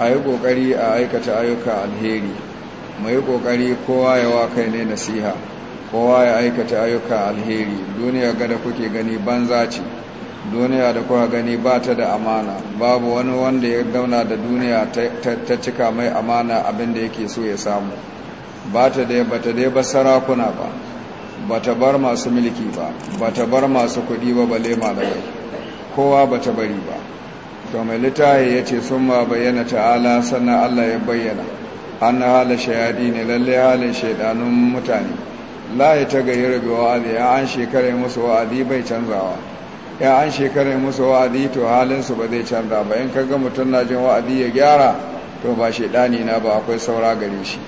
a yi ƙoƙari a aikata ayyuka alheri mai ƙoƙari kowa ya wa kai ne nasiha kowa ya aikata ayyuka alheri duniya gada kuke gani banza ce duniya da kuka gani ba ta da amana babu wani wanda ya gauna da duniya ta cika mai amana abin da yake so ya samu ba ta dai ba ta dai ba sarakuna ba ba ta bar masu mulki ba ba ta bar masu kuɗi ba balle malamai kowa ba ta bari ba to mai littahi ya ce sun ma bayyana ta'ala sannan Allah ya bayyana an na halin shayadi ne lalle halin shaidanun mutane la ta gayyar bi wa'azi ya an shekarai musu wa'adi bai canzawa ya an shekarai musu wa'adi, to halinsu ba zai canza ba in kaga mutum na jin wa'azi ya gyara to ba shaidani na ba akwai saura gare shi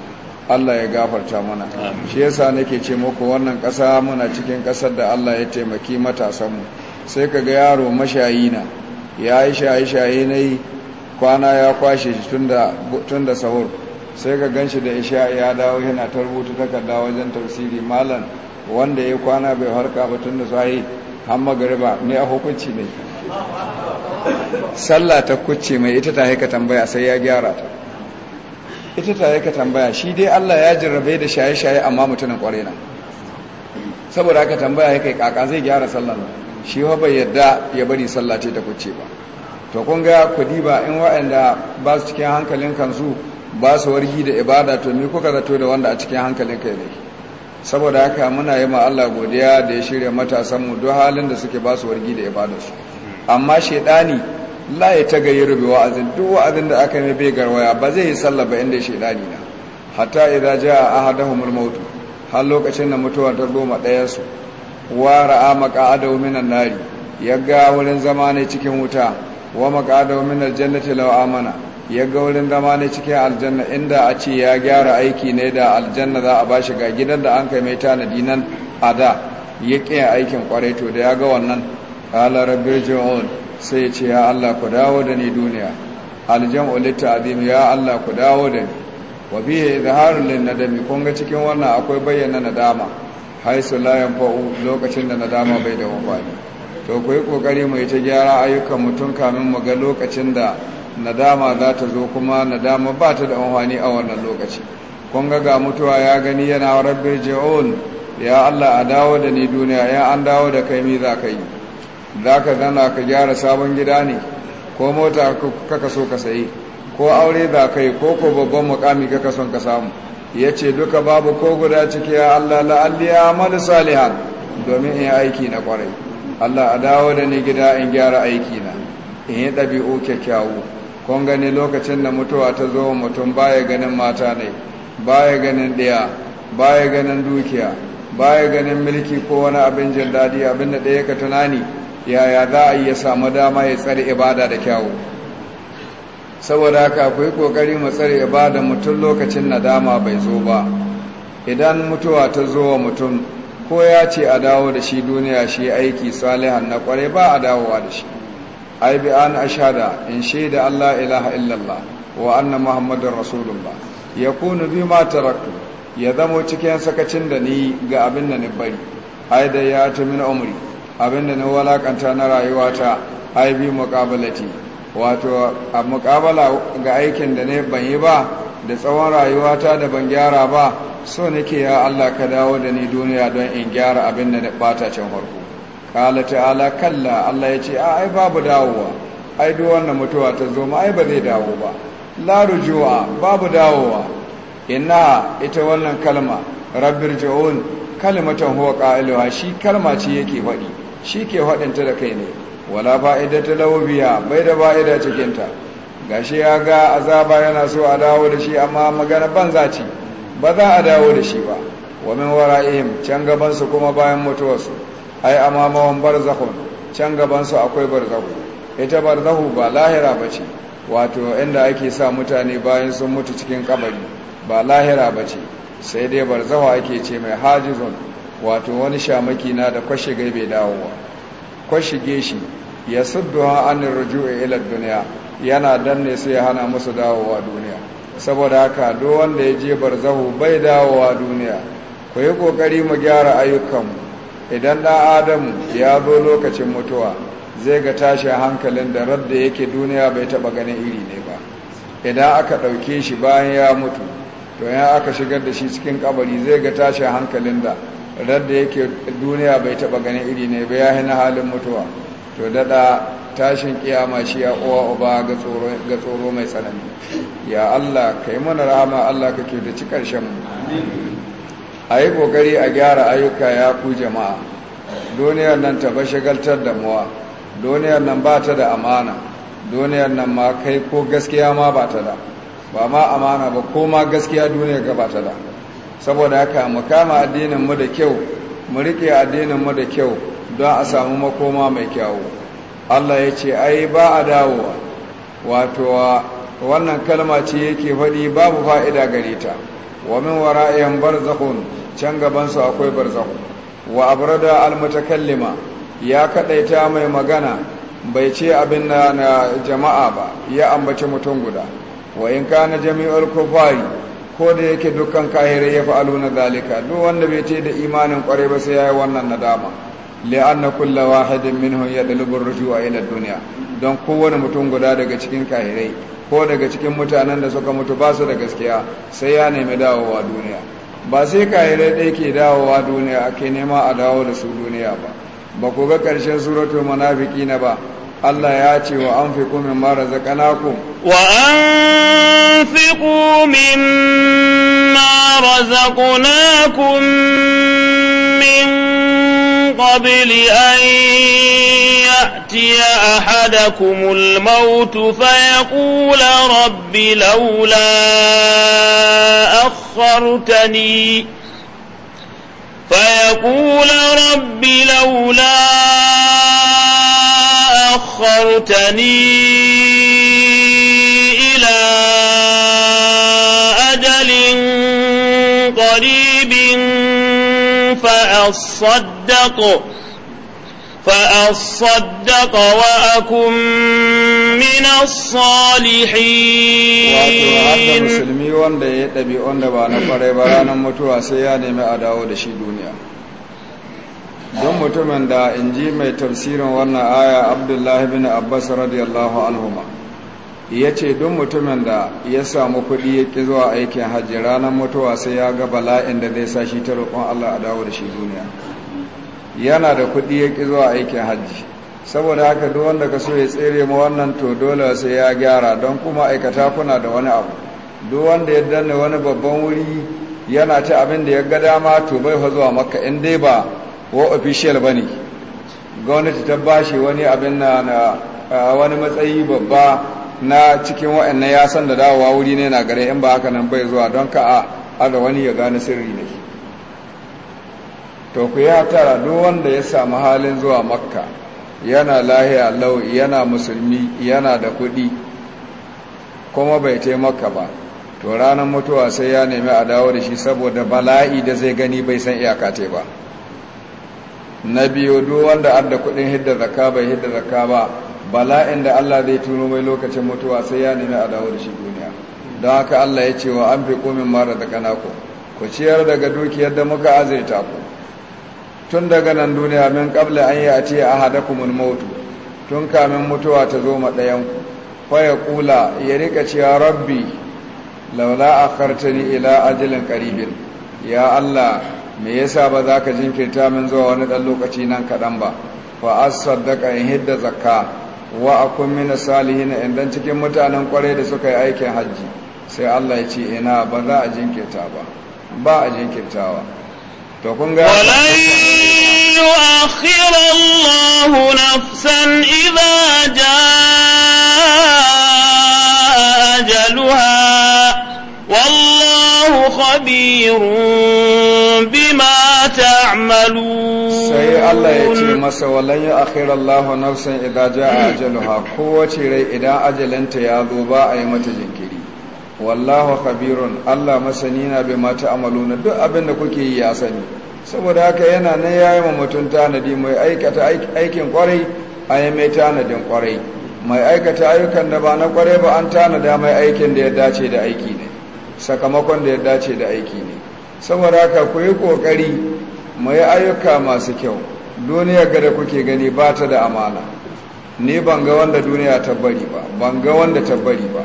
Allah ya gafarta mana shi yasa nake ce muku wannan ƙasa muna cikin ƙasar da Allah ya taimaki matasanmu sai kaga yaro mashayi na ya yi shaye-shaye na yi kwana ya kwashe shi tun da sahur sai ka ganshi da isha ya dawo yana ta rubuta takarda wajen tafsiri malam wanda ya kwana bai harka ba tun da sahi har magariba ne a hukunci ne sallah ta kucce mai ita ta haika tambaya sai ya gyara ta ita ta haika tambaya shi dai Allah ya jirrabe da shaye-shaye amma mutumin kwarai na saboda haka tambaya ya kai kaka zai gyara sallah shi wa bai yadda ya bari sallah ce ta kuce ba to kun ga kudi ba in waɗanda ba su cikin hankalin kansu ba su wargi da ibada to ni kuka zato da wanda a cikin hankalin kai ne saboda haka muna yi ma Allah godiya da ya shirya matasan mu duk halin da suke ba su wargi da ibada su amma shaidani la ya ta gayi rubi wa'azin duk wa'azin da aka mai bai garwaya ba zai yi sallah ba inda shaidani na hatta idza jaa ahaduhumul maut har lokacin da mutuwa ta zo goma su wa ra'a maqa'adahu minan nari yaga wurin zama ne cikin wuta wa maqa'adahu minal jannati law amana yaga wurin zama ne cikin aljanna inda a ce ya gyara aiki ne da aljanna za a bashi ga gidan da an kai mai tanadi nan a da ya kiyan aikin kwarai to da ya ga wannan qala rabbi ji'un sai ya ce ya Allah ku dawo da ni duniya aljam'u litta'zim ya Allah ku dawo da ni wa bihi izharul lin nadami kun ga cikin wannan akwai bayyana nadama haisu layan fa'u lokacin da nadama bai da amfani to ku yi ƙoƙari mu ta gyara ayyukan mutum kamin mu ga lokacin da nadama za ta zo kuma nadama ba ta da wani a wannan lokaci kun ga ga mutuwa ya gani yana rabbi ji'un ya Allah a dawo da ni duniya ya an dawo da kai mi za ka yi za ka zana ka gyara sabon gida ne ko mota kaka so ka sayi ko aure za ka yi ko ko babban mukami kaka son ka samu ya ce duka babu ko guda cike ya Allah la'alli ya amalu salihan domin in aiki na kwarai Allah a dawo da ni gida in gyara aiki na in yi ɗabi'u kyakkyawu kun gani lokacin da mutuwa ta zo mutum baya ganin mata ne baya ganin ɗaya baya ganin dukiya baya ganin milki ko wani abin jin daɗi abin da ɗaya ka tunani yaya za a yi ya samu dama ya tsari ibada da kyawu saboda haka ku yi ƙoƙari mu tsare ba da mutum lokacin nadama bai zo ba idan mutuwa ta zo wa mutum ko ya ce a dawo da shi duniya shi aiki salihan na ƙware ba a dawowa da shi ai bi an ashada in shaida Allah ilaha illallah wa anna muhammadar rasulullah ya kunu bi ma taraktu ya zamo cikin sakacin da ni ga abin da ni bari ai da ya ta min umri abin da na walakanta na rayuwata ai bi muqabalati wato a mukabala ga aikin da ne ban yi ba da tsawon rayuwata da ban gyara ba so nake ya Allah ka dawo da ni duniya don in gyara abin da na bata can farko kala ala kalla Allah ya ce ai babu dawowa ai duk wannan mutuwa ta zo ma ai ba zai dawo ba la rujua babu dawowa Ina ita wannan kalma rabbir kalmatan huwa qailuha shi kalma ce yake faɗi shi ke faɗinta da kai ne wala fa'ida ta laubiya bai da fa'ida cikinta shi ya ga azaba yana so a dawo da shi amma magana banza ce ba za a dawo da shi ba wa min ihim can gabansu kuma bayan mutuwarsu ai amamawan barzakhun can gabansu akwai barzahu ita barzahu ba lahira ba ce wato inda ake sa mutane bayan sun mutu cikin kabari ba lahira ba ce sai dai barzahu ake ce mai hajizun wato wani shamaki na da kwashe gai bai dawowa kwashige shi ya sudduwa anin rujuwa ila duniya yana danne sai hana musu dawowa duniya saboda haka duk wanda ya je barzahu bai dawowa duniya ku yi kokari mu gyara ayyukanmu idan ɗan adam ya zo lokacin mutuwa zai ga tashin hankalin da radda yake duniya bai taba ganin iri ne ba idan aka ɗauke shi bayan ya mutu to yan aka shigar da shi cikin kabari zai ga tashin hankalin da radda yake duniya bai taba ganin iri ne ba ya na halin mutuwa to dada tashin kiyama shi ya uwa uba ga tsoro mai tsanani ya Allah kai mana rahama Allah kake da ci karshen mu a yi kokari a gyara ayyuka ya ku jama'a duniyar nan ta ba shagaltar da muwa duniyar nan ba ta da amana duniyar nan ma kai ko gaskiya ma ba ta da ba ma amana ba ko ma gaskiya duniyar ga ba ta da saboda haka mu kama addinin mu da kyau mu riƙe addinin mu da kyau don a samu makoma mai kyawu Allah ya ce ai ba a dawowa wato wannan kalma ce yake faɗi babu fa'ida gare ta wa min wara'iyan barzakhun can gabansu akwai barzakhu wa abrada almutakallima ya kadaita mai magana bai ce abin na jama'a ba ya ambaci mutum guda wa in kana jami'ul kufari ko da yake dukkan kahirai ya fa'alu na zalika duk wanda bai ce da imanin kware ba sai yayi wannan nadama li'anna kulla wahidin minhum yadlubu ar-rujua ila dunya don kowane mutum guda daga cikin kahirai ko daga cikin mutanen da suka mutu ba su da gaskiya sai ya nemi dawowa duniya ba sai kahirai dai ke dawowa duniya ake nema a dawo da su duniya ba ba ku ga ƙarshen suratul munafiqina ba Allah ya ce wa an fi kumin mara zakanakum. Wa an fi kumin min قبل أن يأتي أحدكم الموت فيقول رب لولا أخرتني فيقول رب لولا أخرتني إلى أجل قريب فأصدق فأصدق وأكن من الصالحين wato musulmi wanda ya ɗabi wanda ba na farai ba ranar mutuwa sai ya nemi a dawo da shi duniya don mutumin da in ji mai tafsirin wannan aya abdullahi bin abbas radiyallahu anhuma ya ce don mutumin da ya samu kuɗi ya ƙi zuwa aikin hajji ranar mutuwa sai ya ga bala'in da zai sa shi ta roƙon Allah a dawo da shi duniya yana da kuɗi ya ƙi zuwa aikin hajji saboda haka duk wanda ka so ya tsere ma wannan to dole sai ya gyara don kuma aikata kuna da wani abu duk wanda ya danne wani babban wuri yana ta abin da ya ga dama to bai fa zuwa makka in dai ba wa official bane gwamnati ta bashi wani abin na wani matsayi babba na cikin wa'annan ya san da dawowa wuri ne na gare in ba haka nan bai zuwa don ka a ada wani ya gane sirri ne to ku ya tara duk wanda ya samu halin zuwa makka yana lahiya lau yana musulmi yana da kuɗi kuma bai taimaka ba to ranar mutuwa sai ya nemi a dawo da shi saboda bala'i da zai gani bai san iyaka te ba na biyu duk wanda da kuɗin hidda zakka bai hidda zakka ba bala'in da Allah zai tuno mai lokacin mutuwa sai ya nemi a dawo da shi duniya don haka Allah ya ce wa an fi komin mara da kanako ku ciyar daga dukiyar da muka azirta ku tun daga nan duniya min kabla an yi a ce a hada kumun mautu tun kamin mutuwa ta zo ma ɗayan ku faya kula ya rika cewa rabbi laula a akhartani ila ajalin karibin ya Allah me yasa ba za ka jinkirta min zuwa wani dan lokaci nan kaɗan ba fa asaddaka in hidda zakka wa akun mina na idan cikin mutanen kwarai da suka yi aikin hajji sai Allah ya ce ina ba za a jinkirta ba ba a jinkirtawa to kun ga walan nafsan idza jaa خبير بما تعملون سي الله يتي مسا ولن يأخر الله نفسا ajalanta جاء أجلها قوة ري إذا mata يا ذوبا أي allah والله na الله مسنينا بما تعملون دو kuke yi ya sani, saboda haka yana nan ya yi mutum tanadi mai aikata aikin kwarai a yi mai tanadin kwarai mai aikata ayyukan da ba na kwarai ba an tanada mai aikin da ya dace da aiki ne sakamakon da ya dace da aiki ne saboda haka ku yi ƙoƙari mai yi ayyuka masu kyau duniya gada kuke gani ba ta da amana ni ban ga wanda duniya ta bari ba ban ga wanda ta bari ba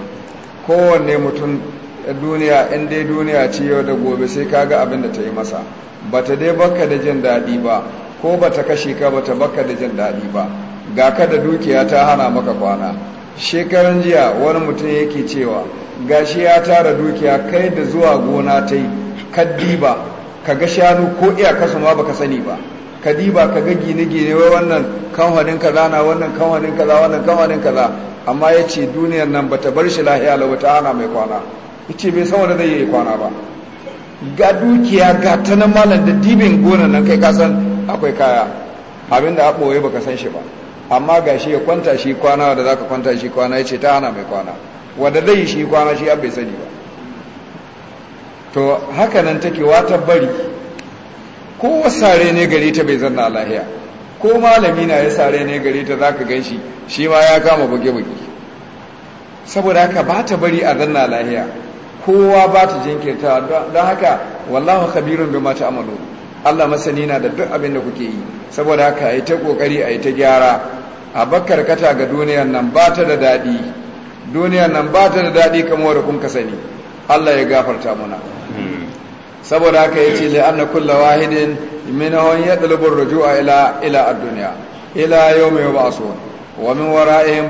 kowanne mutum eh, duniya in dai duniya ce yau da gobe sai ka ga abin da ta yi masa ba ta dai baka da jin daɗi ba ko ba ta kashe ka ba ta baka da jin daɗi ba ga ka da dukiya ta hana maka kwana shekaran jiya wani mutum yake cewa gashi ya tara dukiya kai da zuwa gona ta yi ka ga shanu ko iyakarsu ma baka sani ba kadiba ka ga gine-gine wai wannan kamfanin kaza na wannan kamfanin kaza wannan kamfanin kaza amma ya ce duniyar nan bata bar shi lahiya lau ta ana mai kwana yace bai san wanda zai yi kwana ba ga dukiya ga ta nan malam da dibin gonan nan kai kasan akwai kaya da a ɓoye baka san shi ba amma gashi ya kwanta shi kwana da zaka kwanta shi kwana yace ta ana mai kwana wanda zai shi kwana shi an bai sani ba to haka nan take wata bari ko sare ne gare ta bai zanna lahiya ko malami na ya sare ne gare ta zaka gan shi shi ma ya kama buge-buge saboda haka ba ta bari a zanna lahiya kowa ba ta jinkirta don haka wallahu khabirun bima ta'malu Allah masani na da duk abin da kuke yi saboda haka yi ta kokari yi ta gyara a Kata ga duniyar nan ba ta da daɗi. duniya nan ba ta da daɗi kamar wadda kun sani Allah ya gafarta muna hmm. saboda haka ya ce la'anna kulla wahidin minhum yatlubu ar a ila ila a duniya ila ba yub'asun wa min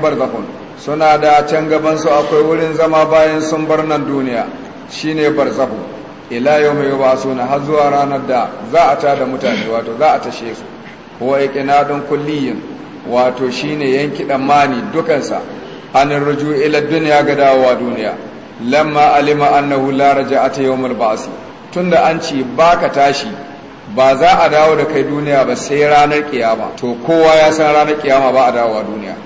bar zafin suna da can gaban su akwai wurin zama bayan sun bar nan duniya shine zafin ila yau mai ba su na. har zuwa ranar da za a ta da mutane wato za a tashe su wa don kulliyin wato shine yanki mani dukansa an ruju ila duniya ga dawowa duniya lamma alima annahu la raja'ata yawmal ba'si tunda an ce baka tashi ba za a dawo da kai duniya ba sai ranar kiyama to kowa ya san ranar kiyama ba a dawowa duniya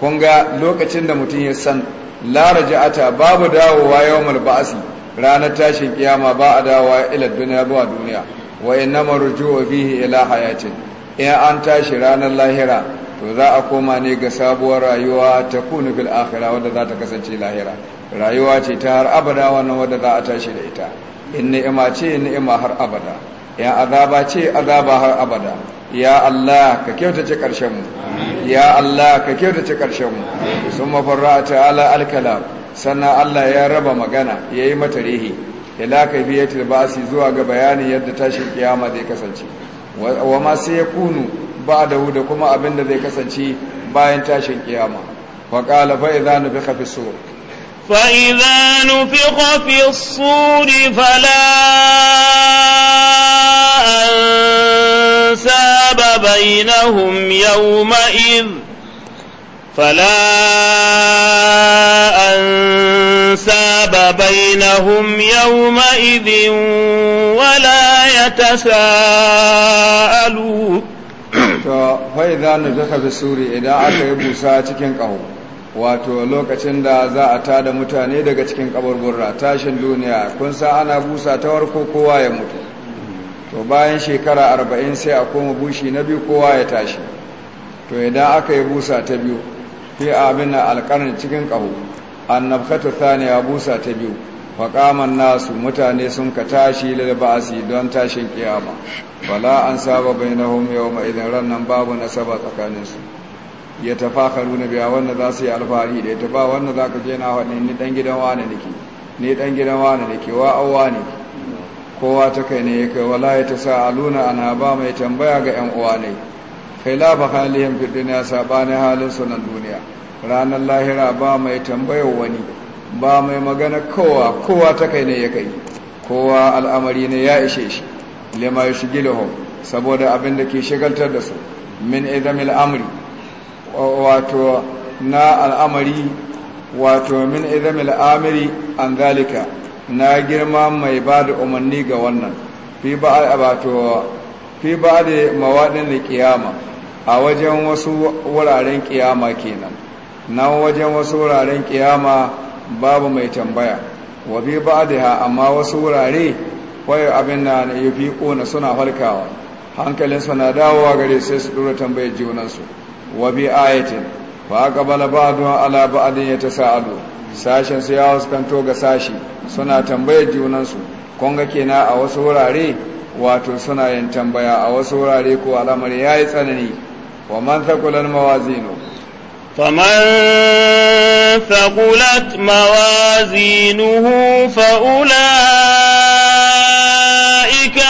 kun ga lokacin da mutum ya san la raja'ata babu dawowa yawmal ba'si ranar tashin ƙiyama ba a dawowa ila duniya ba duniya wa innama ruju'u fihi ila hayatin in an tashi ranar lahira to za a koma ne ga sabuwar rayuwa ta kunu bil akhirah wadda za ta kasance lahira rayuwa ce ta har abada wannan wadda za a tashi da ita in ni'ima ce ni'ima har abada ya azaba ce azaba har abada ya Allah ka kyauta ce karshen mu ya Allah ka kyauta ce karshen mu sun mafarra ta'ala alkalam sannan Allah ya raba magana yi mata rihi ila kayfiyatil ba'si zuwa ga bayanin yadda tashin kiyama zai kasance wa ma sai ya kunu ba da da kuma abin da zai kasance bayan tashin kiyama fa qala fa idza nufikha fi sur fa idza nufikha fi sur fala ansaba bainahum yawma idh فلا أنساب بينهم يومئذ ولا يتساءلون to fai za na zaka fi suri idan aka yi busa cikin ƙaho wato lokacin da za a tada mutane daga cikin kaburburra tashin duniya kun sa ana busa ta warko kowa ya mutu to bayan shekara arba'in sai a koma bushi na biyu kowa ya tashi to idan aka yi busa ta biyu fi abin alƙarni cikin ƙaho annabkatu thaniya busa ta biyu faƙaman nasu mutane sun ka tashi lalba'asi don tashin kiyama bala an saba bai na homi yau rannan babu nasaba tsakaninsu ya tafakaru na biya wanda za su yi alfahari da ya tafa wanda za ka je na ni Dan gidan wane nake ni Dan gidan wani nake wa ne kowa ta kai ne ya kai wala ya ta sa aluna ana ba mai tambaya ga yan uwa ne Kai khilafa halihim fi duniya sabani halin sunan duniya ranar lahira ba mai tambayar wani ba mai magana kowa kowa ta kai ne ya kai kowa al'amari ne ya ishe shi lima ya shigilahum saboda abinda ke shigaltar da su min idamil amri wato na al'amari wato min idamil amri an zalika na girma mai ba da umarni ga wannan fi ba wato fi ba da mawaɗin a wajen wasu wuraren ƙiyama kenan nan wajen wasu wuraren ƙiyama. babu mai tambaya wa bi ba'daha amma wasu wurare wayo abin da fi kona suna halkawa hankalin suna dawowa gare sai su dora tambayar junan su wa bi ayatin fa aqbala ba'du ala ba'din yatasaalu sashen su ya huskanto ga sashi suna tambayar junan su kun ga kenan a wasu wurare wato suna yin tambaya a wasu wurare ko al'amari yayi tsanani wa man mawazinu فمن ثقلت موازينه فأولئك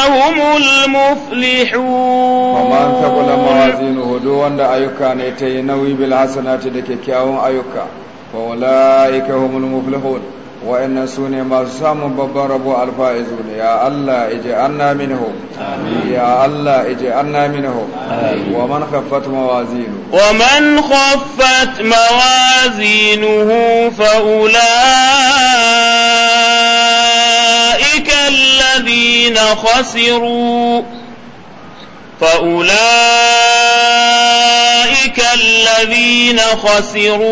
هم المفلحون فمن ثقل موازينه دو وند أيوكا نيتي نوي بالحسنات دكي كياون أيوكا فأولئك هم المفلحون وإن سوني مرسام ببرب الفائزون يا الله اجعلنا منهم يا الله اجعلنا منهم ومن خفت موازينه ومن خفت موازينه فأولئك الذين خسروا فأولئك الذين خسروا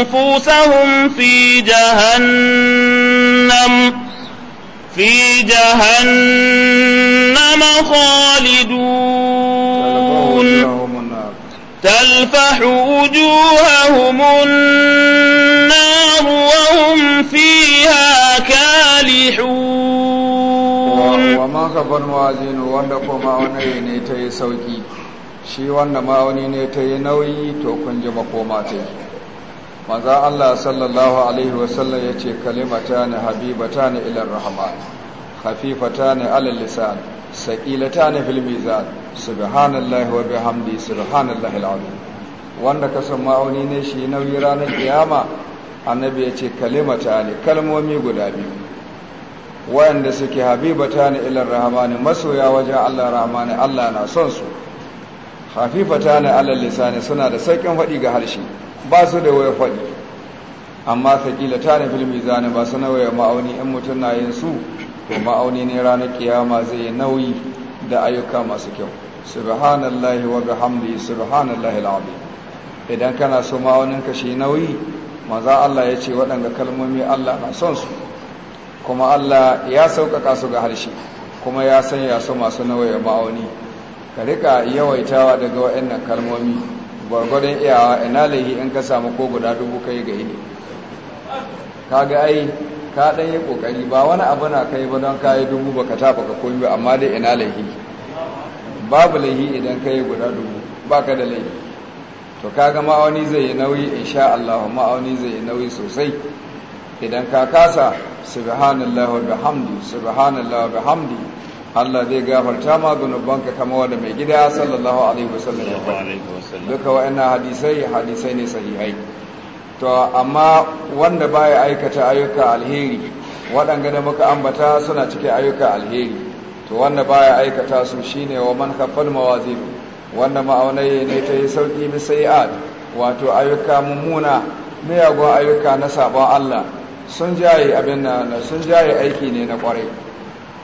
أنفسهم في جهنم في جهنم خالدون تلفح وجوههم النار وهم فيها كالحون وما كبر موازين وندقوا ما ونين سوكي شي wanda ما ونين تينوي توكن nauyi maza Allah sallallahu alaihi wasallam ya ce kalimata ne habibata ne ilar rahman hafifata ne alal lisan saƙilata ne fil mizan subhanallahi wa bihamdi subhanallahi alazim wanda ka san ma'auni ne shi nauyi ranar kiyama annabi ya ce kalimata ne kalmomi guda biyu wayanda suke habibata ne ilar rahman masoya wajen Allah rahman Allah na son su hafifata ne alal lisan suna da sauƙin faɗi ga harshe ba su da waya faɗi amma sakila ta na filmi zane ba su waya ma'auni in mutum na yin su to ma'auni ne ranar kiyama zai yi nauyi da ayyuka masu kyau subhanallahi wa bihamdi subhanallahi alazim idan kana so ma'aunin ka shi nauyi maza Allah ya ce waɗanda kalmomi Allah na son su kuma Allah ya sauƙaƙa su ga harshe kuma ya sanya su masu nauyi ma'auni ka rika yawaitawa daga waɗannan kalmomi gwargwadon iyawa ina lahi in ka samu ko guda dubu kai ga Ka ga ai ka dan yi kokari ba wani abu na kai ba don kayi dubu baka tafa ka koyi ba amma dai ina lahi babu lahi idan kai guda dubu ba ka da lahi to ka ga ma'auni zai yi nauyi in sha Allah ma'auni zai yi nauyi sosai idan ka kasa subhanallah wa bihamdi subhanallah wa bihamdi Allah zai gafarta ma zunubanka kama wanda mai gida sallallahu alaihi wasallam ya faɗi duka wa'annan hadisai hadisai ne sahihai to amma wanda baya aikata ayyuka alheri waɗanga da muka ambata suna cikin ayyuka alheri to wanda baya aikata su shine wa man kafal mawazin wanda ma'aunai ne ta yi sauki bi sayi'at wato ayyuka mummuna miyagun ayyuka na sabon Allah sun jaye abin sun jaye aiki ne na kwarai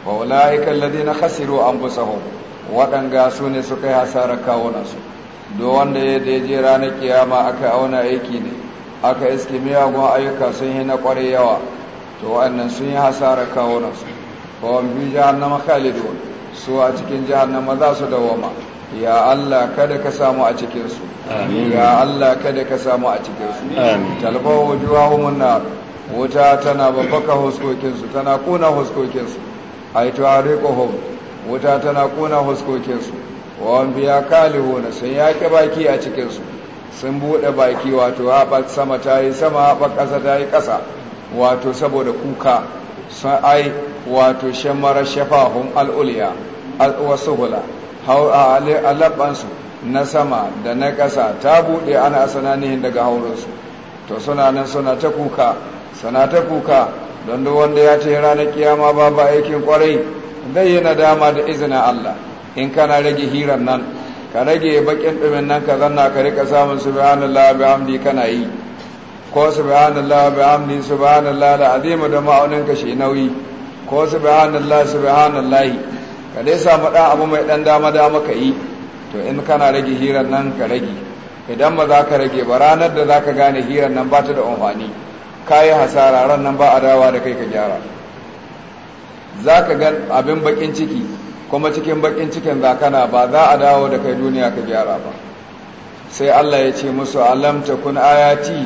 wa ulaika alladhina khasiru anfusahum waɗanga su ne suka yi hasarar su do wanda ya da je ranar kiyama aka auna aiki ne aka iske miyagun ayyuka sun yi na ƙwarai yawa to wannan sun yi hasarar kawunansu ba wani jahannama khalidu su a cikin jahannama za su dawoma ya Allah kada ka samu a cikin su ya Allah kada ka samu a cikinsu talbawa wujuwa na wuta tana babbaka su tana kuna su. ai tuariquhum wuta tana kona huskokinsu wa biya na, sun yaƙi baki a cikinsu sun buɗe baki wato haɓar sama ta yi sama haɓar ƙasa ta yi ƙasa wato saboda kuka sun ai wato shammara shafahun al'uliya wasu hula alaɓansu na sama da na ƙasa ta buɗe ana asananihin daga haurinsu to suna nan suna ta kuka suna ta kuka don duk wanda ya ce ranar kiyama babu aikin kwarai zai yi nadama da izinin Allah in kana rage hirar nan ka rage bakin ɗumin nan ka zanna ka rika samun subhanallah bi hamdi kana yi ko subhanallah bi hamdi subhanallah da azimu da ma'aunin ka shi nauyi ko subhanallah subhanallah ka dai samu dan abu mai dan dama dama ka yi to in kana rage hirar nan ka rage idan ba za ka rage ba ranar da za ka gane hirar nan ba ta da amfani ka yi hasara ran nan ba a dawa da kai ka gyara za ka gan abin bakin ciki kuma cikin bakin cikin zakana ba za a dawo da kai duniya ka gyara ba sai Allah ya ce musu alam kun ayati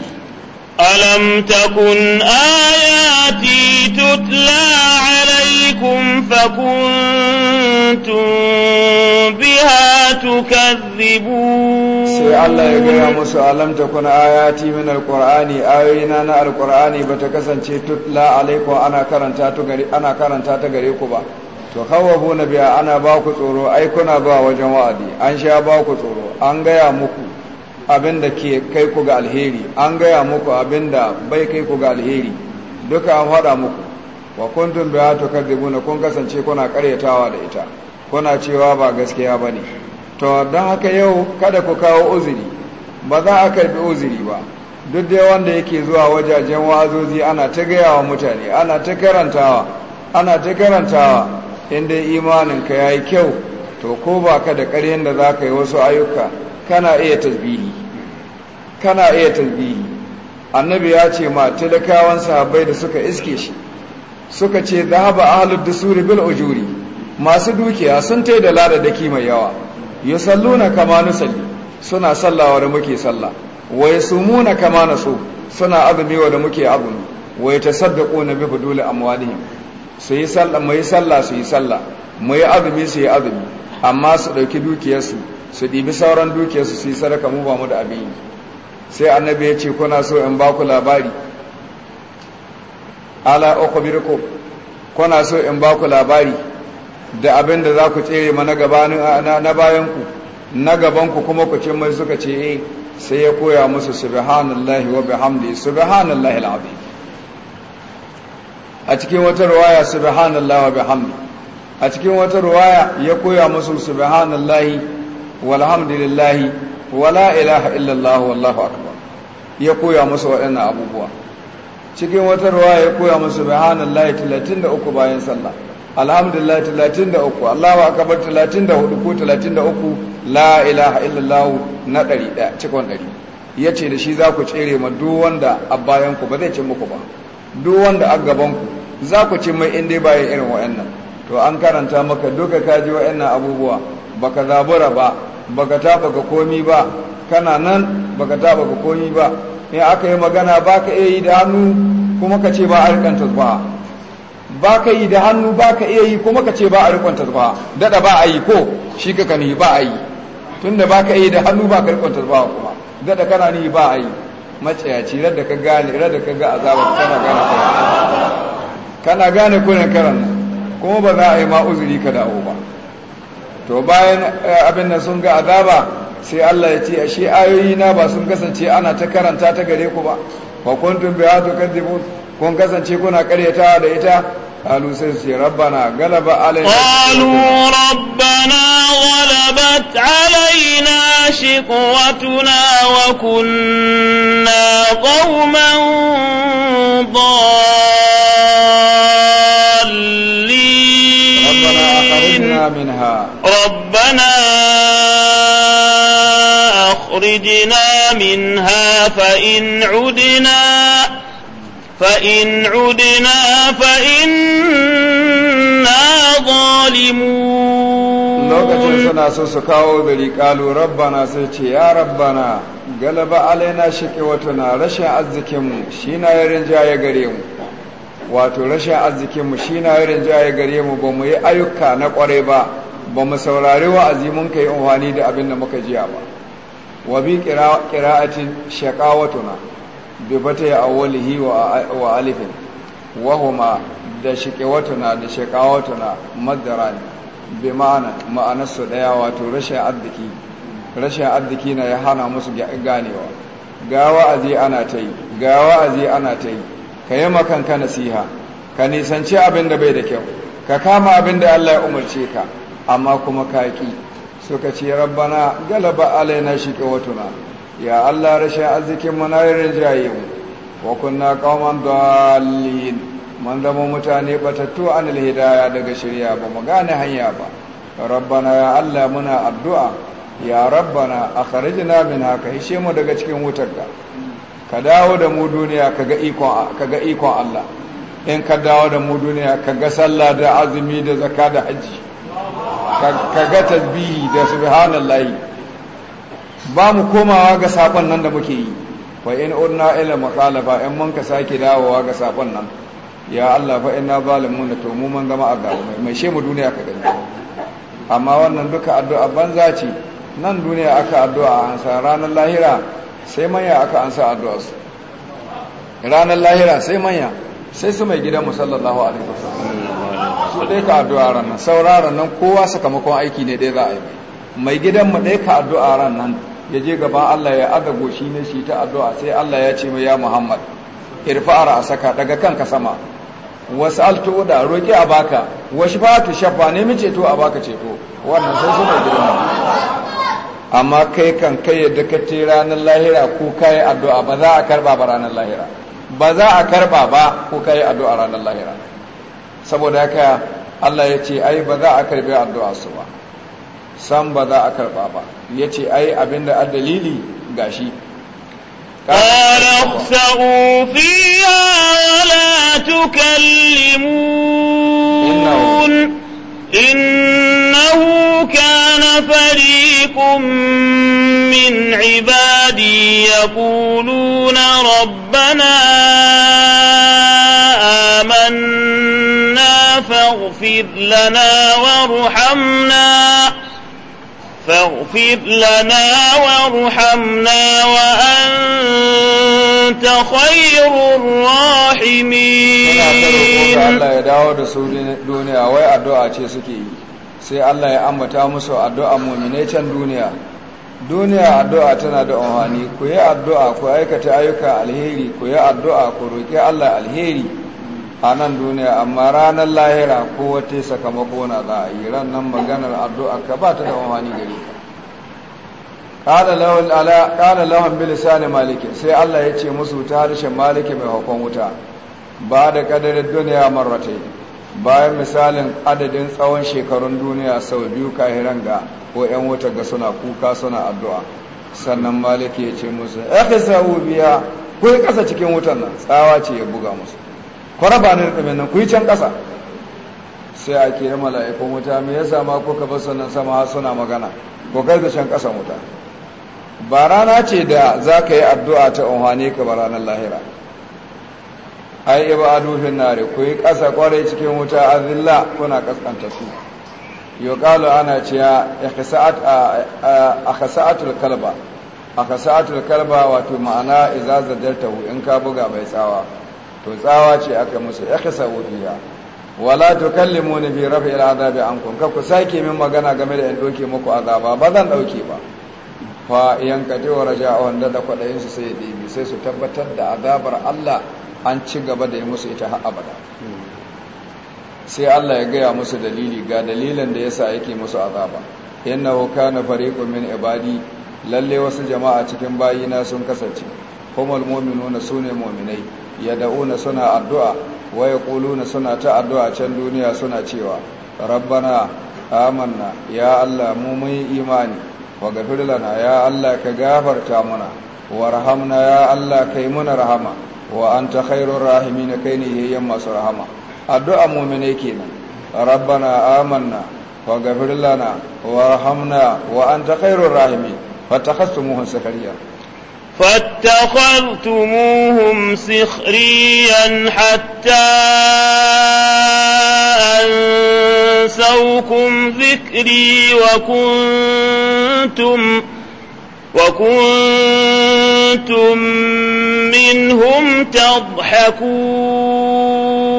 ألم تكن آياتي تتلى عليكم فكنتم بها تكذبون سي الله يقول موسى ألم تكن آياتي من القرآن آيينا نا القرآن بتكسن تتلى عليكم أنا كرن تغري أنا كرنتا تغريكم to kawo na biya ana ba ku tsoro ai kuna ba wajen wa'adi an sha Abinda ke kai ku ga alheri an gaya muku abin da bai kai ku ga alheri duka an faɗa muku wa kuntum biha tukadzibuna kun kasance kuna karyatawa da ita kuna cewa ba gaskiya bane to dan haka yau kada ku kawo uzuri ba za a karbi uzuri ba duk dai wanda yake zuwa wajajen wa'azozi ana ta gaya wa mutane ana ta karantawa ana ta karantawa in dai ka yayi kyau to ko ba ka da ƙaryan da za ka yi wasu ayyuka kana iya tasbihi kana iya tasbihi annabi ya ce ma talakawan sahabbai da suka iske shi suka ce zahaba ahlud dusuri bil ujuri masu dukiya sun tai da lada da mai yawa yusalluna kama nusalli suna sallawa da muke sallah wa yasumuna kama nasu suna azumi wa da muke azumi wa yatasaddaquna bi fuduli amwalihim su yi sallah mai sallah su yi sallah mai azumi su yi azumi amma su dauki dukiyarsu su ɗibi sauran dukiyarsu su yi sadaka mu ba mu da abin yi sai annabi ya ce kuna so in ba ku labari ala birko kuna so in ba ku labari da abin da za ku tsere ma na bayan ku na gabanku kuma ku ce mai suka ce eh sai ya koya musu subhanallahi wa bihamdi subhanallahi alazim a cikin wata ruwaya subhanallahi wa bihamdi a cikin wata ruwaya ya koya musu subhanallahi walhamdulillahi wala الله والله wallahu akbar ya koya musu waɗannan abubuwa cikin wata ruwaya ya koya musu subhanallahi 33 bayan sallah alhamdulillah 33 talatin da 34 ko 33 la ilaha illallah na 100 cikon 100 yace da shi za ku tsere ma duk wanda a bayanku ba zai cin muku ba duk wanda a gabanku za ku cin mai in dai bayan irin wa'annan to an karanta maka duka kaji wa'annan abubuwa baka zabura ba baka taba ka komi ba kana nan baka taba ka komi ba in aka yi magana baka iya yi da hannu kuma ka ce ba a rikanta Ba baka yi da hannu baka iya yi kuma ka ce ba a rikanta zuwa. dada ba a yi ko shi ka kani ba a yi tunda baka iya yi da hannu baka rikanta zuwa kuma dada kana ni ba a yi maciyaci radda ka gane radda ka ga azabar kana gane kana gane kunan karan kuma ba za a yi ma uzuri ka dawo ba to bayan eh, abin nan sun ga azaba sai Allah ya ce ashe ayoyi na ba sun kasance ana ta karanta ta gare ku ba fa kuntum hadu tukadzibun kun kasance kuna karyatawa da ita قالوا سيسي ربنا غلب علينا قالوا ربنا غلبت علينا شقوتنا وكنا قوما ضالين ربنا أخرجنا منها فإن عدنا فإن عدنا فإنا ظالمون lokacin suna so su kawo gari kalu rabbana sai ce ya rabbana galaba alaina shi ke wato na rashin arzikinmu shi na yarin ya gare mu wato rashin arzikinmu shi na yarin ya gare mu ba mu yi ayyuka na ƙwarai ba ba mu saurari wa'azi mun kai amfani da abin da muka jiya ba wa bi qira'atin shaqawatuna bi fata ya awwalihi wa alifin wa huma da shiqawatuna da shaqawatuna madaran bi ma'ana ma'anar su daya wato rashin arziki rashin arziki na ya hana musu ganewa ga wa'azi ana ta yi ga wa'azi ana ta yi ka yi makanka nasiha ka nisanci abin da bai da kyau ka kama abin da Allah ya umarce ka amma kuma kaki suka ce rabbana galaba alai alaina shiqawatuna ya Allah rashin arzikin mu na mu wa kunna qauman dallin mun zama mutane batattu an alhidaya daga shirya ba mu gane hanya ba rabbana ya Allah muna addu'a ya rabbana akhrijna min haka hishe mu daga cikin wutar ka dawo da mu duniya ka ikon ikon Allah in ka dawo da mu duniya ka ga sallah da azumi da zakka da hajji ka ga tasbihi da subhanallahi ba mu komawa ga sabon nan da muke yi fa in urna ila makhalafa in mun ka sake dawowa ga sabon nan ya Allah fa inna zalimun to mu mun zama a gaba mai shemu duniya ka gani amma wannan duka addu'a banza ce nan duniya aka addu'a an sa ranar lahira sai manya aka an sa addu'a su ranar lahira sai manya sai su mai gidan musallallahu alaihi wasallam su ɗaya ka addu'a ran nan sauraron nan kowa sakamakon aiki ne ɗaya za a yi mai gidan mu ɗaya ka addu'a ran nan ya je gaba Allah ya aga goshi ne shi ta addu'a sai Allah ya ce mai ya Muhammad irfa'ar saka daga kanka sama wasu alto da roƙi a baka wasu ba ta shafa nemi ceto a baka ceto wannan sai suna girma amma kai kan kai yadda ka ce ranar lahira ko ka yi addu'a ba za a karba ba ranar lahira ba za a karba ba ko ka yi addu'a ranar lahira saboda haka Allah ya ce ai ba za a karbi addu'a su ba san ba za a karba ba ya ce ai abinda a dalili gashi قال اخسأوا فيها ولا تكلمون إنه كان فريق من عبادي يقولون ربنا آمنا فاغفر لنا وارحمنا فاغفر لنا وارحمنا وأنت خير الراحمين Allah ya dawo da su duniya wai addu'a ce suke yi sai Allah ya ambata musu addu'a muminai can duniya duniya addu'a tana da amfani ku yi addu'a ku aikata ayyuka alheri ku yi addu'a ku roƙi Allah alheri a nan duniya amma ranar lahira ko wata sakamako na za a yi ranar maganar addu'a ka ba ta da wani gari ƙada lawan bilisani maliki sai Allah ya ce musu ta harshen maliki mai hukun wuta ba da ƙadarin duniya marratai bayan misalin adadin tsawon shekarun duniya sau biyu kahiran ga ko 'yan wuta ga suna kuka suna addu'a sannan maliki ya ce musu ya fi biya ko ya ƙasa cikin wutan nan tsawa ce ya buga musu ku raba ni da nan ku yi can ƙasa sai a kira mala'ikun wuta mai yasa ma kuka bar sannan sama suna magana ko kai da can ƙasa wuta ba rana ce da za ka yi addu'a ta unhane ka ba ranar lahira ai iba Dufin nare ku yi ƙasa kwarai cikin wuta zilla kuna ƙasƙanta su yuqalu ana cewa a akhsa'atul kalba a akhsa'atul kalba wato ma'ana izazadar zadartahu in ka buga mai tsawa to tsawa ce aka musu ya kasa wufiya wala to kallimu na bi rafi al'adabi ankum ka ku sake min magana game da in doke muku azaba ba zan dauke ba fa yankati wa raja'a wanda da kwadayin su sai dibi sai su tabbatar da azabar Allah an ci gaba da yi musu ita har abada sai Allah ya gaya musu dalili ga dalilan da ya yasa yake musu azaba innahu kana fariqun min ibadi lalle wasu jama'a cikin bayina sun kasance humul mu'minuna sune mu'minai ya dauna suna addu'a wa yaquluna suna ta addu'a can duniya suna cewa rabbana amanna ya Allah mu mun imani wa ghafir lana ya Allah ka gafarta mana warhamna ya Allah kai muna rahama wa anta khairur rahimin kai ne yayyan masu rahama addu'a mu'minai kenan rabbana amanna wa ghafir lana warhamna wa anta khairur rahimin fatakhasumuhu sakariya فاتخذتموهم سخريا حتى أنسوكم ذكري وكنتم وكنتم منهم تضحكون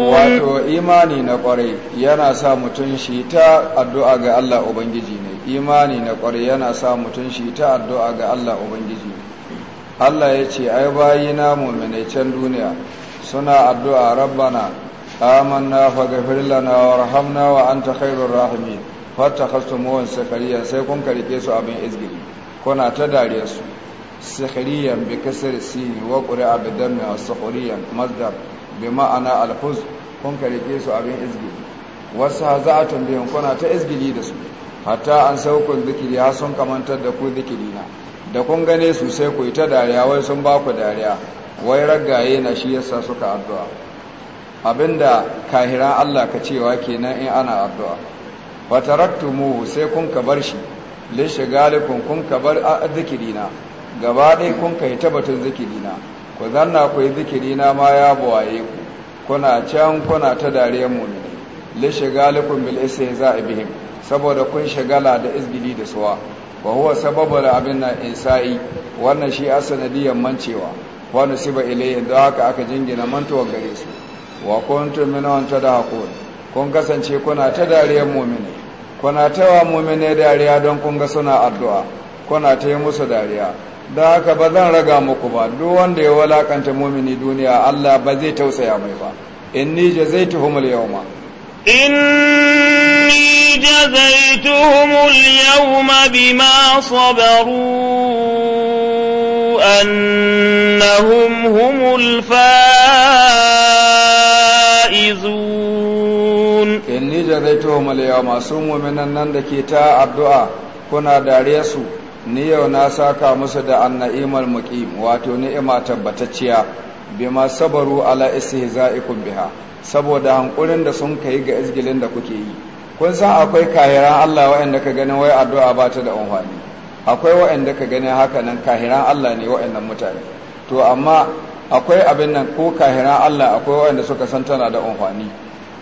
wato imani na kwarai yana sa mutum shi ta addu'a ga Allah Ubangiji ne imani na kwarai yana sa mutum shi ta addu'a ga Allah Ubangiji Allah ya ce ai bayina na can duniya suna addu'a rabbana amanna faghfir lana warhamna wa anta khairur rahimin fattakhastumuhum sakariya sai kun karike su abin izgiri kuna ta dare su sakariyan bi kasar sin wa a bi dammi as sakariyan masdar bi ma'ana al-huz kun karike su abin izgiri wasu a bihim kuna ta izgiri da su hatta an saukun zikiri ya sun kamantar da ku zikirina da kun gane su sai ku yi ta dariya wai sun ba ku dariya wai ragaye na shi yasa suka addu'a abinda kahiran Allah ka cewa kenan in ana addu'a wa taraktumu sai kun ka bar shi shigalikum kun ka bar zikirina gaba ɗaya kun ka yi tabbatun zikirina ku zanna ku yi zikirina ma ya buwaye ku kuna can kuna ta dariyar mumini za bil istihza'i saboda kun shagala da izgili da suwa wa huwa sababu da abin na isa'i wannan shi asanadiyan mancewa wani siba ilayhi inda haka aka jingina mantuwa gare su wa kuntum da tadahakun kun kasance kuna ta dariyar mu'mini kuna ta wa mu'mini dariya don kun ga suna addu'a kuna ta yi musu dariya Da haka ba zan raga muku ba duk wanda ya walakanta mu'mini duniya Allah ba zai tausaya mai ba inni jazaituhumul yawma إني جزيتهم اليوم بما صبروا أنهم هم الفائزون إني جزيتهم اليوم سموا من أنك تا الدعاء كنا داريسو ni yau na saka musu da anna'imar muƙi, wato ni'ima tabbatacciya bima sabaru ala istihza'ikum biha saboda hankurin da sun kai ga izgilin da kuke yi kun san akwai kahiran Allah waɗanda ka ganin wai addu'a ba ta da amfani akwai waɗanda ka ganin haka nan kahiran Allah ne waɗannan mutane to amma akwai abin nan ko kahiran Allah akwai waɗanda suka san tana da amfani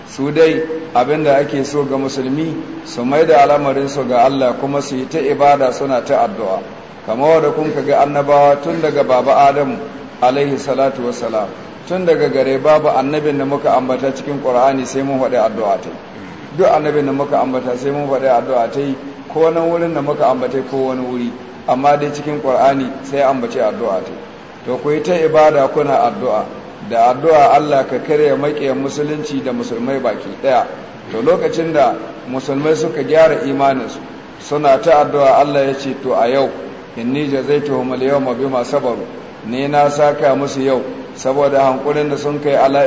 su dai abin da ake so ga musulmi su mai da al'amarin su ga Allah kuma su yi ta ibada suna ta addu'a kamar wanda kun ga annabawa tun daga baba Adamu alaihi salatu wassalam tun daga gare babu annabin da muka ambata cikin ƙur'ani sai mun faɗi addu'a ta yi. duk annabin da muka ambata sai mun faɗi addu'a ta yi. ko wani wurin da muka ambata ko wani wuri amma dai cikin ƙur'ani sai ambace addu'a ta yi. to ku yi ta ibada kuna addu'a da addu'a Allah ka karya maƙiyan musulunci da musulmai baki ɗaya to lokacin da musulmai suka gyara imaninsu suna ta addu'a Allah ya ce to a yau inni jazaituhum al-yawma bima sabaru ni na saka musu yau saboda hankulin da sun kai ala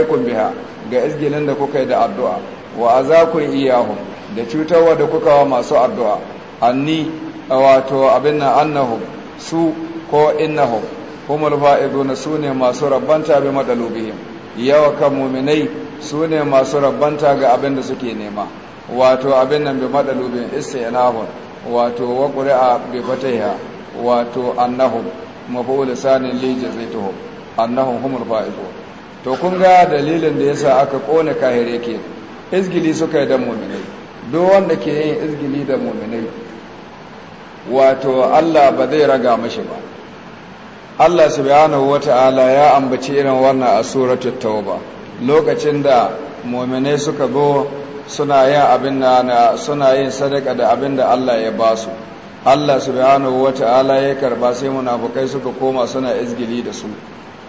ikon biha ga izginin da kuka yi da addu'a wa za azakun iyahum da cutarwa da kuka wa masu addu'a anni wato abin na annahu, su ko innahum humul su sune masu rabbanta bi madalubihim yawa kan mu'minai sune masu rabbanta ga abin da suke nema wato abin nan bi ya istihnahum wato wa a bi fataiha wato annahum maf'ul sanin zai tuho. annahum humul faizun to kun ga dalilin da yasa aka kone kahire ke izgili suka yi da mu'minai duk wanda ke yin izgili da mu'minai wato Allah ba zai raga mashi ba Allah subhanahu wata'ala ya ambaci irin wannan a suratul tauba lokacin da mu'minai suka zo suna yin abin suna yin sadaka da abin da Allah ya ba su Allah subhanahu wata'ala ya karba sai munafukai suka koma suna izgili da su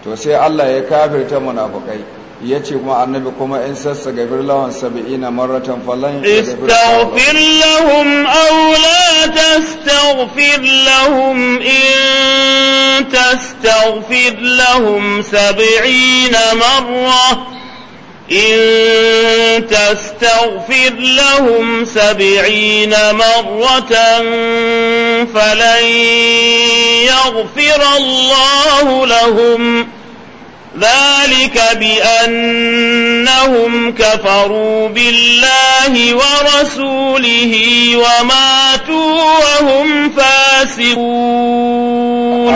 to sai Allah ya kafirta munafukai ya ce kuma annabi kuma in sassa gabir lawan saba'ina maratan fallan istaghfir lahum aw la tastaghfir lahum in tastaghfir lahum saba'ina marrah إن تستغفر لهم سبعين مرة فلن يغفر الله لهم ذلك بأنهم كفروا wa rasulihi wa وهم فاسقون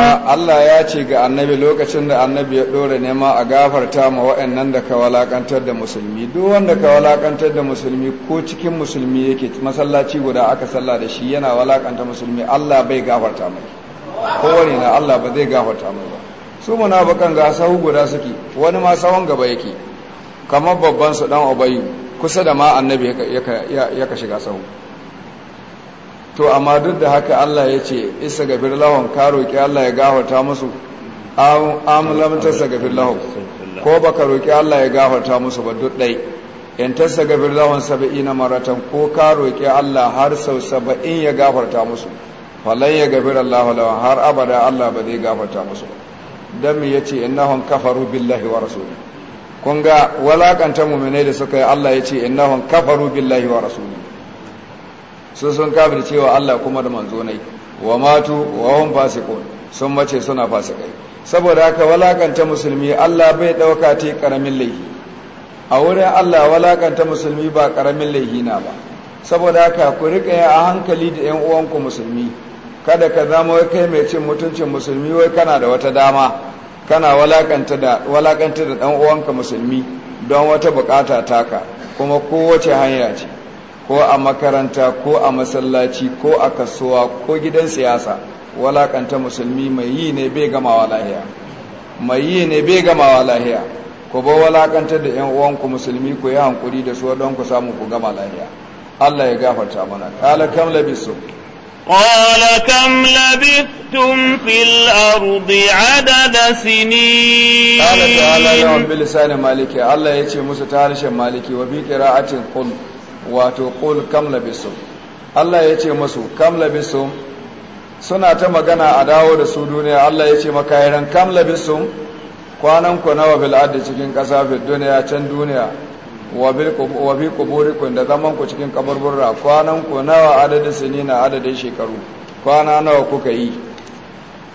Allah ya ce ga annabi lokacin da annabi ya ɗora nema a gafarta ma wa'annan da ka walakantar da musulmi duk wanda ka walakantar da musulmi ko cikin musulmi yake masallaci guda aka salla da shi yana walakanta musulmi Allah bai gafarta mai kowane na Allah ba zai gafarta mai ba su munafikan ga sahu guda suke wani ma sahun gaba yake kamar babban su dan obayi kusa da ma annabi ya ka shiga sahu to amma duk da haka Allah ya ce isa ga birlawan ka roƙi Allah ya gafarta musu am tasa ga birlawan ko ba ka roƙi Allah ya gafarta musu ba duk dai in birlawan saba'i na maratan ko ka roƙi Allah har sau saba'in ya gafarta musu falan ya gafir Allah har abada Allah ba zai gafarta musu ba dan me yace innahum kafaru billahi wa rasuli kun ga walakanta mu'minai da suka yi Allah yace innahum kafaru billahi wa rasuli su sun kafirce cewa Allah kuma da manzo ne wa matu wa hum fasiqun sun mace suna fasikai saboda haka walakanta musulmi Allah bai dauka ta karamin laifi a wurin Allah walakanta musulmi ba karamin laifi na ba saboda haka ku rika a hankali da ƴan uwanku musulmi kada ka zama wai kai mai cin mutuncin musulmi wai kana da wata dama kana walakanta da ɗan dan uwanka musulmi don wata bukata taka kuma kowace hanya ce ko a makaranta ko a masallaci ko a kasuwa ko gidan siyasa walakanta musulmi mai yi ne bai gamawa lahiya mai yi ne bai gamawa lahiya ku ba walakanta da yan uwanku musulmi ku yi hankuri da su don ku samu ku gama lahiya Allah ya gafarta mana kala kam labisu قال كم لبثتم في الأرض عدد سنين قال تعالى يوم بلسان مالكي الله يتي موسى تعالى تارش مالكي وفي قراءة قل وتقول كم لبثتم الله يتي موسى كم لبثتم suna ta magana a dawo da su duniya Allah ya ce yaran kam labisum kwanan ku nawa bil cikin ƙasa fi duniya can duniya wa bi kuburikum da zaman ku cikin kaburburra kwanan ku nawa adadin na adadin shekaru kwana nawa kuka yi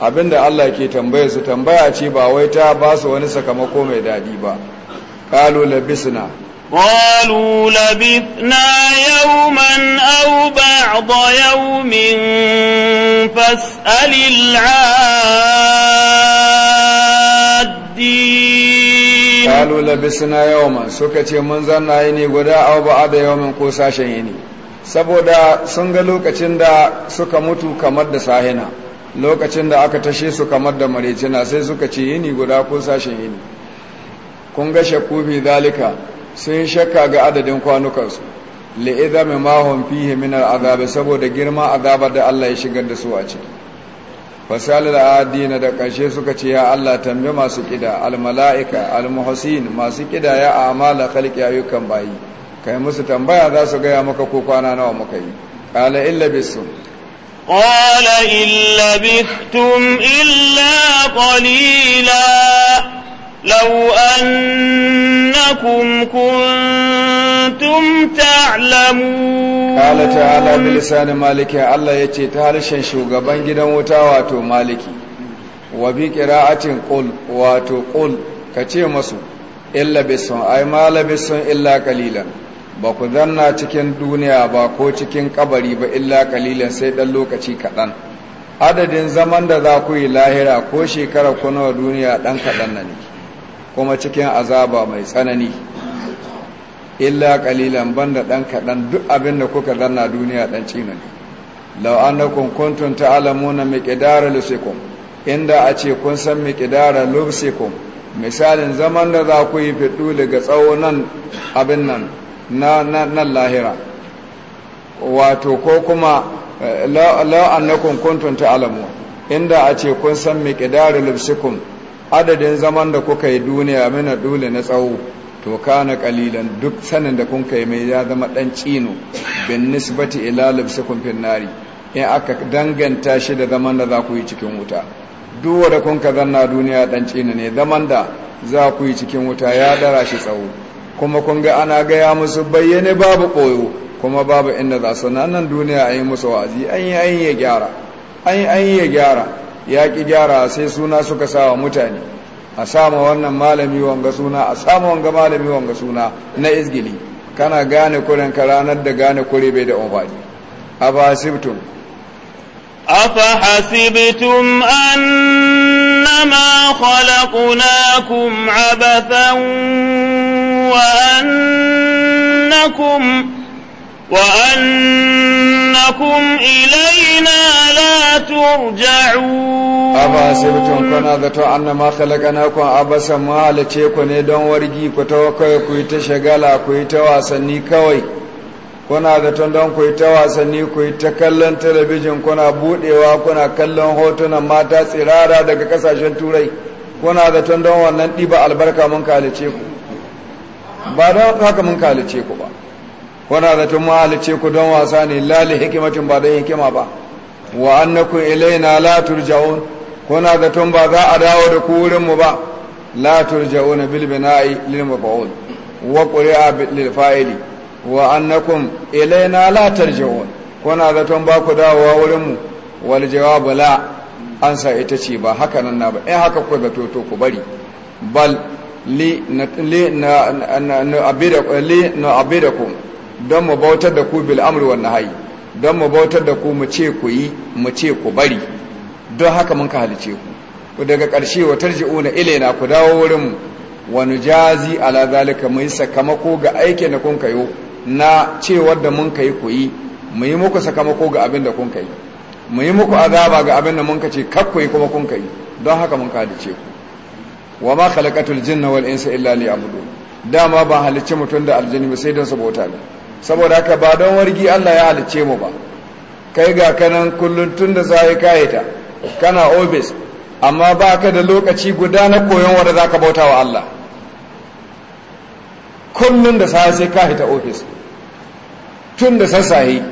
abinda Allah ke tambaye su tambaya ce ba wai ta ba su wani sakamako mai dadi ba qalu labisna qalu labisna yawman aw ba'd yawmin fas'alil kalu labisna yawman suka ce mun zanna yini guda aw ba'da yawmin ko sashen yini saboda sun ga lokacin da suka mutu kamar da sahina lokacin da aka tashe su kamar da marijina sai suka ce yini guda ko sashen yini kun ga shakku zalika sun shakka ga adadin kwanukansu li'idami mai hum fihi min al'adabi saboda girma azabar da Allah ya shigar da su a ciki fasalar adina da ƙarshe suka ce ya Allah tambe masu ƙida almala'ika almuhasin masu ƙida ya amala khalqi ayyukan bayi kai musu tambaya za su gaya maka ko kwana nawa muka yi qala illa bisu qala illa bihtum illa qalila لو أنكم كنتم تعلمون قال تعالى بلسان مالك الله يتي تهرشن شوغبان جدا وتاواتو مالكي وفي قراءة قل واتو قل كتي مسو إلا بسون أي ما لبسون إلا قليلا ba ku zanna cikin duniya ba ko cikin kabari ba illa kalilan sai ɗan lokaci kaɗan adadin zaman da za ku yi lahira ko shekara kuna duniya ɗan kaɗan na ne kuma cikin azaba mai tsanani illa kalilan banda dan kadan duk abin da kuka zanna duniya dan cina ne law annakum kuntum ta'lamuna miqdara lusikum inda a ce kun san miqdara lusikum misalin zaman da za ku yi fiduli ga tsawo nan abin nan na nan lahira wato ko kuma eh, law annakum kuntum ta'lamuna inda a ce kun san miqdara lusikum adadin zaman da kuka yi duniya mina dole na tsawo to kana kalilan duk sanin da kun kai mai ya zama dan cino bin nisbati ila libsikum kun nari in aka danganta shi da zaman da za ku yi cikin wuta duk da kun ka zanna duniya dan cino ne zaman da za ku yi cikin wuta ya dara shi tsawo kuma kun ga ana gaya musu bayyane babu koyo kuma babu inda za su nan duniya ayi yi musu wa'azi an yi an yi gyara gyara ya ƙi gyara sai suna suka sawa mutane a sama wannan malami wanga suna a sama wanga malami wanga suna na izgili kana gane kuren ka ranar da gane kure bai da amfani a ba sibtum أفحسبتم أنما خلقناكم عبثا وأنكم وأنكم إلينا لا ترجعون أبا ku كنا ذاتو أن ku خلقناكم أبسا ما هلتيكو ta shagala, كتوكو كويت شغالا كويت واسني كوي kuna da don ku yi ta wasanni ku yi ta kallon talabijin kuna budewa kuna kallon hotunan mata tsirara daga kasashen turai kuna da don wannan ɗiba albarka mun kalice ku ba don haka mun kalice ku ba kuna tun mahalice ku don wasa ne lali hikimacin ba don hikima ba wa annakum ilaina la turja'un kuna da tun ba za a dawo da ku wurin mu ba la turja'una bil bina'i lil maf'ul wa qur'a lil fa'ili wa annakum ilaina la tarja'un kuna da tun ba ku dawowa wurin mu wal jawabu la ansa ita ce ba haka nan na ba in haka ku ga to ku bari bal li na li na abida li na don mu bautar da ku bil amri wan don mu bautar da ku mu ce ku yi mu ce ku bari don haka mun ka halice ku daga ƙarshe wa tarji'una ilaina ku dawo wurin mu wa nujazi ala zalika mu yi sakamako ga aikin da kun kayo na cewar da mun kai ku yi mu yi muku sakamako ga abin da kun kai mu yi muku azaba ga abin da mun ka kace kakkoyi kuma kun kai don haka mun ka halice ku wa ma khalaqatul jinna wal insa illa liya'budun dama ba halicci mutum da aljini sai don su bauta ne saboda haka ba don wargi Allah ya halice mu ba kai ga kanan kullum tun da sai kayita kana ofis amma ba ka da lokaci guda na koyon wanda za ka bauta wa Allah kullum da sai sai ka ofis tun da sassahi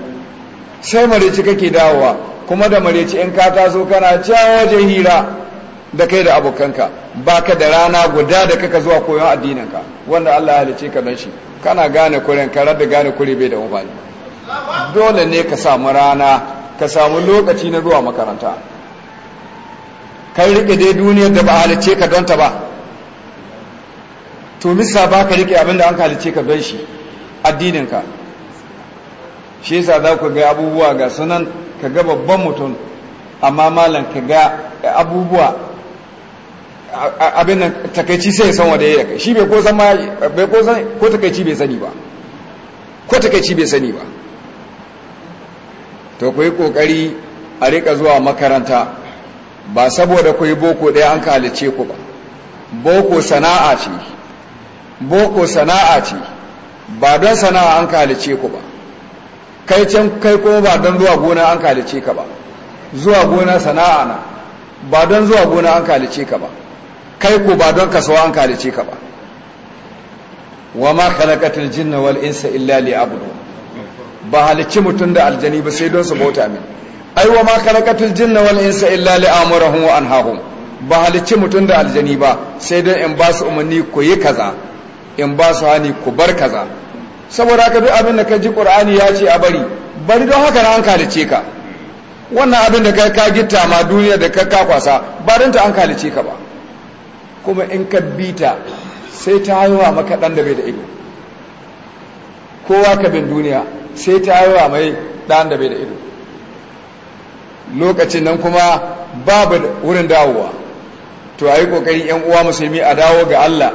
sai mareci kake dawowa kuma da mareci in ka taso kana cewa wajen hira da kai da abokanka ba ka da rana guda da kaka zuwa koyon addininka wanda Allah ya halice ka don shi kana gane kuren ka da gane kure bai da umarni dole ne ka samu rana ka samu lokaci na zuwa makaranta kai rike dai duniyar da ba halice ka don ta ba to misa ba ka rike abin da an halice ka don shi addininka shi yasa za ku ga abubuwa ga sunan ka ga babban mutum amma malam ka ga abubuwa abin nan takaici sai ya san wanda ya kai shi bai ko san ma bai ko san ko takaici bai sani ba ko takaici bai sani ba to ku yi kokari a rika zuwa makaranta ba saboda ku yi boko ɗaya an kalace ku ba boko sana'a ce boko sana'a ce ba don sana'a an kalace ku ba kai can kai ko ba don zuwa gona an kalace ka ba zuwa gona sana'a na ba don zuwa gona an kalace ka ba kai ku ba don kaso an kalice ka ba wa ma khalaqatul jinna wal insa illa liya'budu ba halicci mutum da aljani ba sai don su bauta min ai wa ma khalaqatul jinna wal insa illa li'amurahum wa anhahum ba halicci mutum da aljani ba sai don in ba su umarni ku yi kaza in ba su hani ku bar kaza saboda haka duk abin da ka ji qur'ani ya ce a bari bari don haka na an kalice ka wannan abin da ka ka gitta ma duniya da ka ka kwasa ba don ta an kalice ka ba kuma in ka bita sai ta haihuwa maka ɗan da bai da ido kowa ka bin duniya sai ta haihuwa mai ɗan da bai da ido lokacin nan kuma babu wurin dawowa to a yi ƙoƙari ‘yan uwa musulmi a dawo ga Allah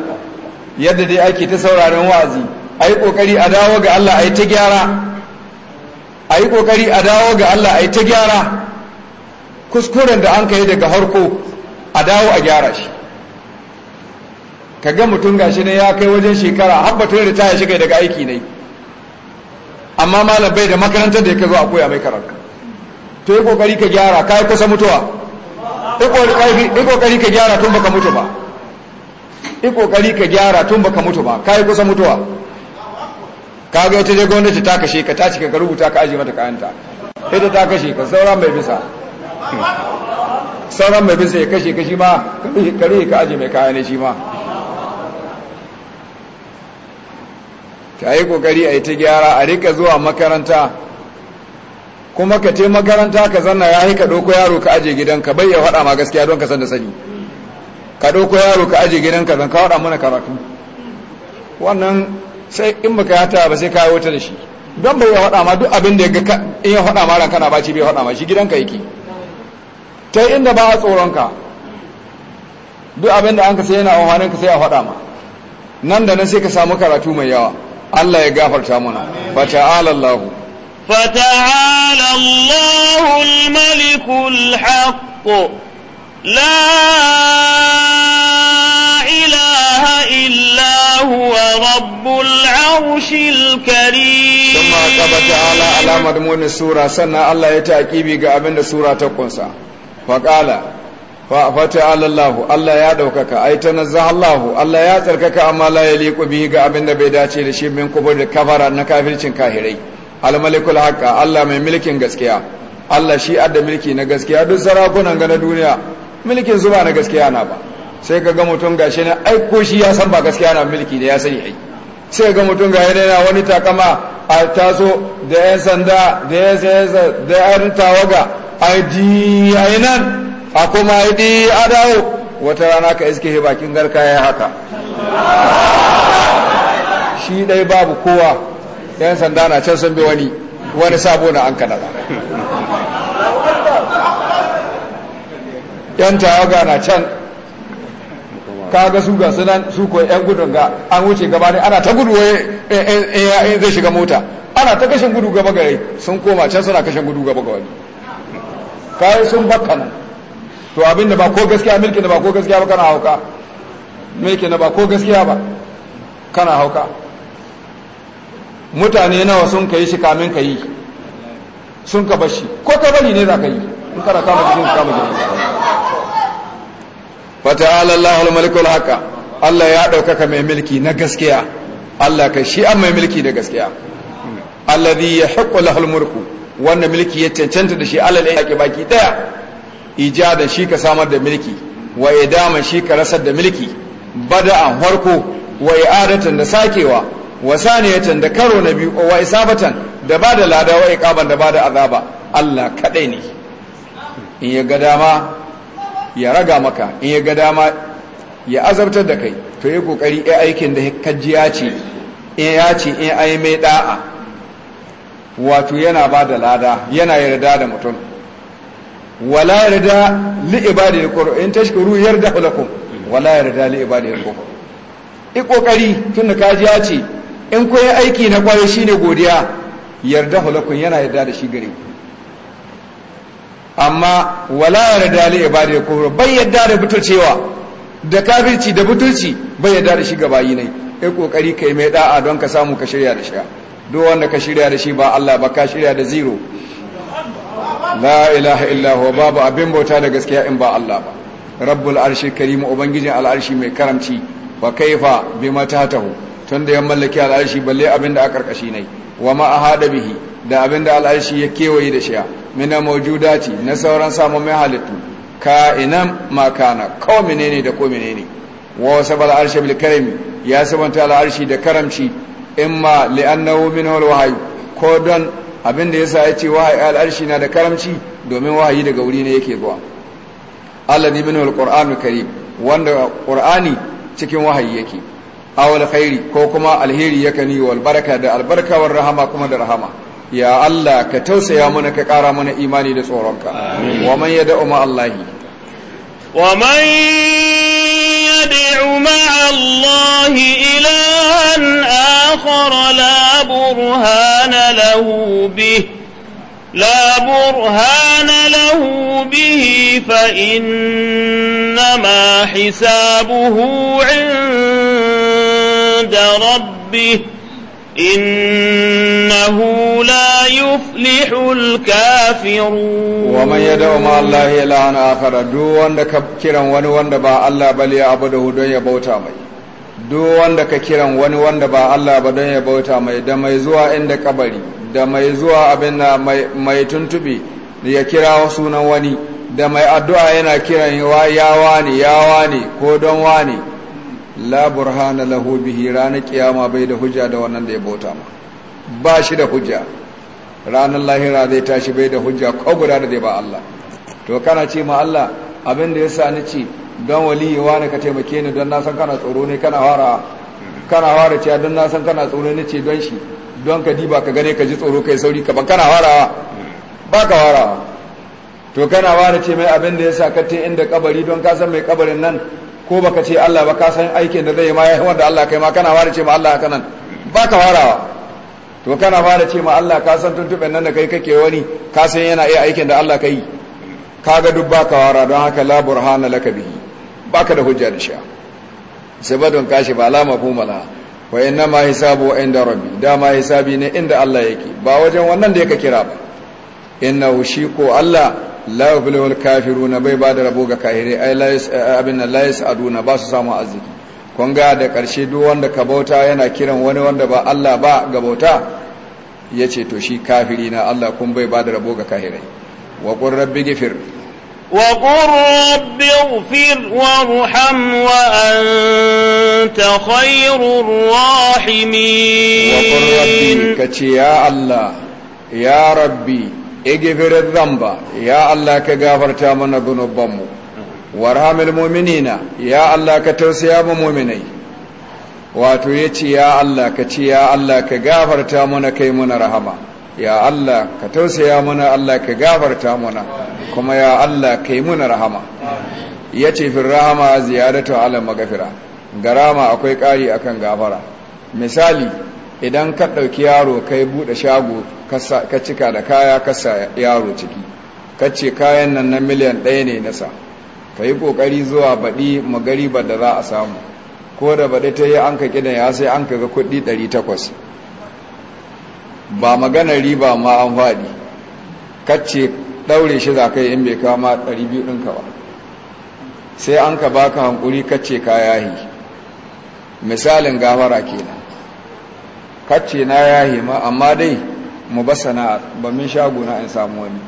yadda dai ake ta sauraron wa'azi a yi ƙoƙari a dawo ga Allah a yi ta gyara a yi ƙoƙari a dawo ga Allah a yi ta gyara kuskuren da an ka yi daga harko a dawo a gyara shi ka ga mutum gashi ne ya kai wajen shekara har batun da shi shiga daga aiki ne amma malam bai da makarantar da ya zo a koya mai karanta. to yi kokari ka gyara ka yi kusa mutuwa yi kokari ka gyara tun baka mutu ba yi kokari ka gyara tun baka mutu ba ka yi kusa mutuwa ka ga wata dai gwamnati ta kashe ka ta cika ka rubuta ka aji mata kayanta ita ta kashe ka sauran mai bisa saura mai bisa ya kashe ka shi ma ka rufe ka aji mai kayan shi ma ta yi kokari a yi ta gyara a rika zuwa makaranta kuma ka te makaranta ka zanna ya yi ka ɗauko yaro ka aje gidan ka bai ya faɗa ma gaskiya don ka san da sani ka ɗauko yaro ka aje gidan ka zan ka faɗa mana karatu wannan sai in baka ya ta ba sai ka wuta da shi don bai ya faɗa ma duk abin da ya ga in ya faɗa ma ran kana baci bai faɗa ma shi gidan ka yake ta inda ba a tsoron ka duk abin da an ka sai yana amfanin ka sai a faɗa ma nan da nan sai ka samu karatu mai yawa Allah ya gafarta mana fa ta'ala Allah fa ta'ala Allah al-malik al la ilaha illa huwa rabbul arshil karim kuma ka ta'ala alamar mun sura sannan Allah ya taqibi ga abinda sura ta kunsa fa qala fata alallahu Allah ya daukaka ai ta nazza Allah ya tsarkaka amma la liku bihi ga abin da bai dace da shi min kufur da kafara na kafircin kahirai al malikul haqa Allah mai mulkin gaskiya Allah shi adda mulki na gaskiya duk sarakunan ga na duniya mulkin zuba na gaskiya na ba sai ka ga mutum gashi ne ai ko shi ya san ba gaskiya na mulki ne ya sani ai sai ga mutum ga yana wani takama a taso da yan sanda da yan tawaga ai di ai nan a kuma idi a dawo wata rana ka iske bakin garka ya haka shi dai babu kowa yan sanda na can sun bi wani wani sabo na an kanada yan tawaga na can kaga su ga sunan su ko yan gudun ga an wuce gaba ne ana ta gudu eh, eh, eh, in zai shiga mota ana ta kashin gudu gaba gare sun koma can suna kashin gudu gaba ga wani kayan sun bakkan to abin da ba ko gaskiya milkin da ba ko gaskiya ba kana hauka milki da ba ko gaskiya ba kana hauka mutane nawa sun ka yi shi kamin ka yi sun ka bashi ko ka bari ne za ka yi in kana kama jikin ka kama jikin fata alallahu malikul haka Allah ya ɗaukaka mai milki na gaskiya Allah ka shi an mai milki da gaskiya alladhi yahiqqu lahul mulku wanda milki ya cancanta da shi alal yake baki daya ijadan shi ka samar da mulki wa idama shi ka rasar da mulki an harko wa i'adatan da sakewa wa saniyatan da karo na biyu wa isabatan da bada lada wa iqaban da bada azaba Allah kadai ne in ya ga dama ya raga maka in ya ga dama ya azabtar da kai to yi kokari ai aikin da kajiya ce in ya ce in ai mai da'a wato yana bada lada yana yarda da mutum wala yarda li ibadi al-kufr in tashkuru yarda lakum wala yarda li ibadi al-kufr i kokari tunda kaji ya ce in ko yi aiki na kwaye shine godiya yarda lakum yana yarda da shi gare ku amma wala yarda li ibadi al-kufr bai yarda da butulcewa da kafirci da butulci bai yarda da shi gabayi ne ai kokari kai mai da'a don ka samu ka shirya da shi duk wanda ka shirya da shi ba Allah ba ka shirya da zero la ilaha illahu babu abin bauta da gaskiya in ba Allah ba rabbul arshi karim ubangijin al'arshi mai karamci wa kaifa bima tahtahu tunda ya mallaki al'arshi balle abin da a karkashi ne wa ma ahada bihi da abin da al'arshi ya kewaye da shi mina mawjudati na sauran samun mai halittu ka'inan makana ko menene da ko menene wa sabal arshi bil karim ya sabanta al'arshi da karamci imma annahu minhu al ko don abinda sa ya ce wahayi al'arshi na da karamci domin wahayi daga wuri ne yake zuwa Allah ne minul qur'anul karib wanda qur'ani cikin wahayi yake awal khairi ko kuma alheri yi wa baraka da albarka rahama kuma da rahama ya Allah ka tausaya mana ka ƙara mana imani da tsoronka wa man ma Allahi wa man يدع مع الله إلها آخر لا برهان له به لا برهان له به فإنما حسابه عند ربه إنه لا يفلح الكافرون وما يدعو مع الله إلا أن آخر دو وندك كبكرا وني وند با الله بل يعبده دنيا بوتا مي دو وندك كبكرا وني وند با الله بدون بوتا مي دم يزوى عند inda دم يزوى أبنا مي تنتبي ليكرا وصونا ya دم يأدوى هنا كرا mai addu'a yana kiran yawa ne yawa la burhana lahu bihi ranar kiyama bai da hujja da wannan da ya bauta ma ba shi da hujja ranar lahira zai tashi bai da hujja ko guda da zai ba Allah to kana ce ma Allah abin da yasa ni ci don yawa ne ka taimake ni don na san kana tsoro ne kana fara kana fara cewa don na san kana tsoro ne ce don shi don ka diba ka gane ka ji tsoro kai sauri ka ba kana farawa ba ka farawa to kana fara ce mai abin da yasa ka te inda kabari don ka san mai kabarin nan ko baka ce Allah ba ka san aikin da zai ma yayin wanda Allah kai ma kana fara ce ma Allah haka nan ba ka farawa to kana fara ce ma Allah ka san tuntuɓen nan da kai kake wani ka san yana iya aikin da Allah kai kaga duk ba ka fara don haka la burhana laka bihi ba ka da hujja da sha sabadon kashi ba la mafhumala wa inna ma hisabu inda rabbi ma hisabi ne inda Allah yake ba wajen wannan da yake kira ba innahu shi ko Allah la yuflihul kafiruna bai ba da rabo ga kahirai ai lais eh, abinna lais aduna ba su samu arziki kun ga da ƙarshe duk wanda ka bauta yana kiran wani wanda ba Allah ba ga bauta yace to shi kafiri na Allah kun bai ba da rabo ga kahirai wa qur rabbi ghfir wa qur rabbi ighfir warham wa anta khairur rahimin wa qur rabbi kace ya Allah ya rabbi igifirar zamba ya Allah ka gafarta mana gunubanmu warhamil muminina ya Allah ka tausaya mu muminai wato ya ci ya Allah ka ci ya Allah ka gafarta mana kai muna rahama ya Allah ka tausaya mana Allah ka gafarta mana kuma ya Allah kai muna rahama ya ce fin rahama ziyadatu ala magafira garama akwai ƙari akan gafara misali idan ka ɗauki yaro kai buɗe shago ka cika da kaya ka yaro ciki ka ce kayan nan na miliyan ɗaya ne nasa ka yi ƙoƙari zuwa baɗi magariba da za a samu ko da baɗi ta yi an ka ƙidan ya sai an ka ga kuɗi ɗari takwas ba magana riba ma an faɗi ka ce ɗaure shi za ka yi in bai kama ɗari biyu ɗinka ba sai an ka baka hankuri ka ce ka misalin gafara kenan kacce na ya hima amma dai mu ba sana'ar ba min shaguna in samu wani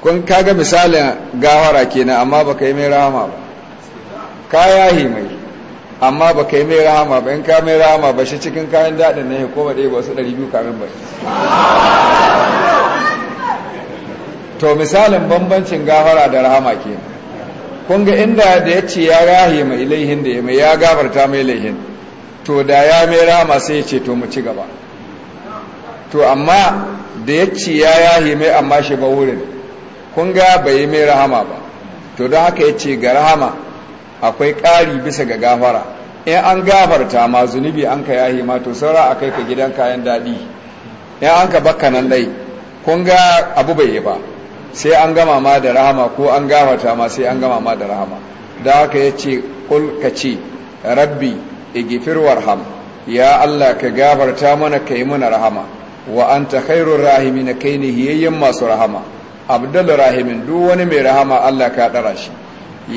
kun kaga misalin gawara kenan amma ba ka yi mai rahama ba ka ya himai amma ba ka yi mai rahama ba in ka mai rahama ba shi cikin kayan daɗin na ko ba ɗaya ba su ɗari biyu kamin ba to misalin bambancin gawara da rahama kenan kun ga inda da ya ce ya rahima mai ilaihin da ya mai ya gabarta mai laihin to da ya mai rama sai ya ce to mu ci gaba to amma da ya ci ya yahi mai amma shi ba wurin kun ga bai yi mai rahama ba to don haka ya ce ga rahama akwai ƙari bisa ga gafara in an gafarta ma zunubi an ka yahi ma to saura a kai ka gidan kayan daɗi in an ka bakka nan ɗai kun ga abu bai yi ba sai an gama ma da rahama ko an gafarta ma sai an gama ma da rahama da haka ya ce kul ka ce rabbi igifir warham ya Allah ka gafarta mana ka yi mana rahama wa anta rahimi na kai ne hiyayyen masu rahama abdul rahimin duk wani mai rahama Allah ka dara shi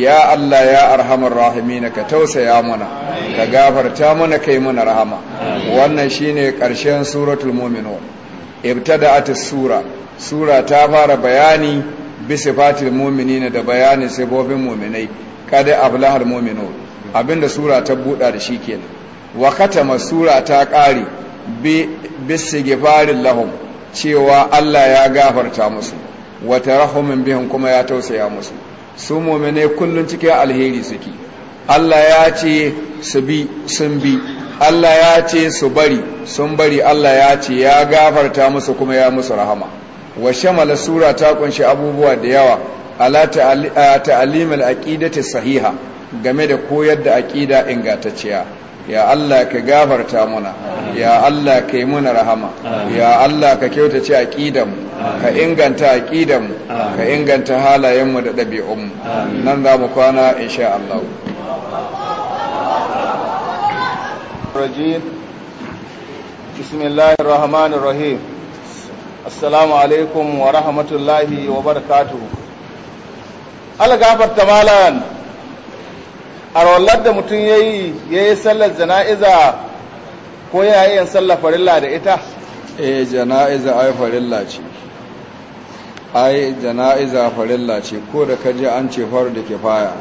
ya Allah ya arhamar rahimin ka tausaya mana ka gafarta mana ka yi mana rahama wannan shine karshen suratul mu'minun ibtada'at sura sura ta fara bayani bi sifatil mu'minina da bayanin sifofin mu'minai kada ablahal mu'minun abinda sura ta buɗa da shi kenan wa katama sura ta ƙare bisa gifarin lahum cewa Allah ya gafarta musu wata rahumin bihin kuma ya tausaya musu su kullum cikin alheri suke Allah ya ce su bi sun bi Allah ya ce su bari sun bari Allah ya ce ya gafarta musu kuma ya musu rahama wa shamala sura ta kunshi abubuwa da yawa ala ta'alimul aqidati sahiha game da koyar da aƙida ingantacciya ya Allah ka gafarta muna ya Allah ka yi muna rahama ya Allah ka kyautace aqidanmu ka inganta aqidanmu ka inganta halayenmu da ɗabi'unmu nan za mu kwana insha Allah bismillahir rahmanir rahim assalamu alaikum wa rahmatullahi wa barakatuh al gafarta a rawar da mutum ya yi ya yi sallar jana'iza ko ya yi yin sallar farilla da ita? eh jana'iza ai farilla ce ai jana'iza farilla ce ko da kaji an ce faru da faya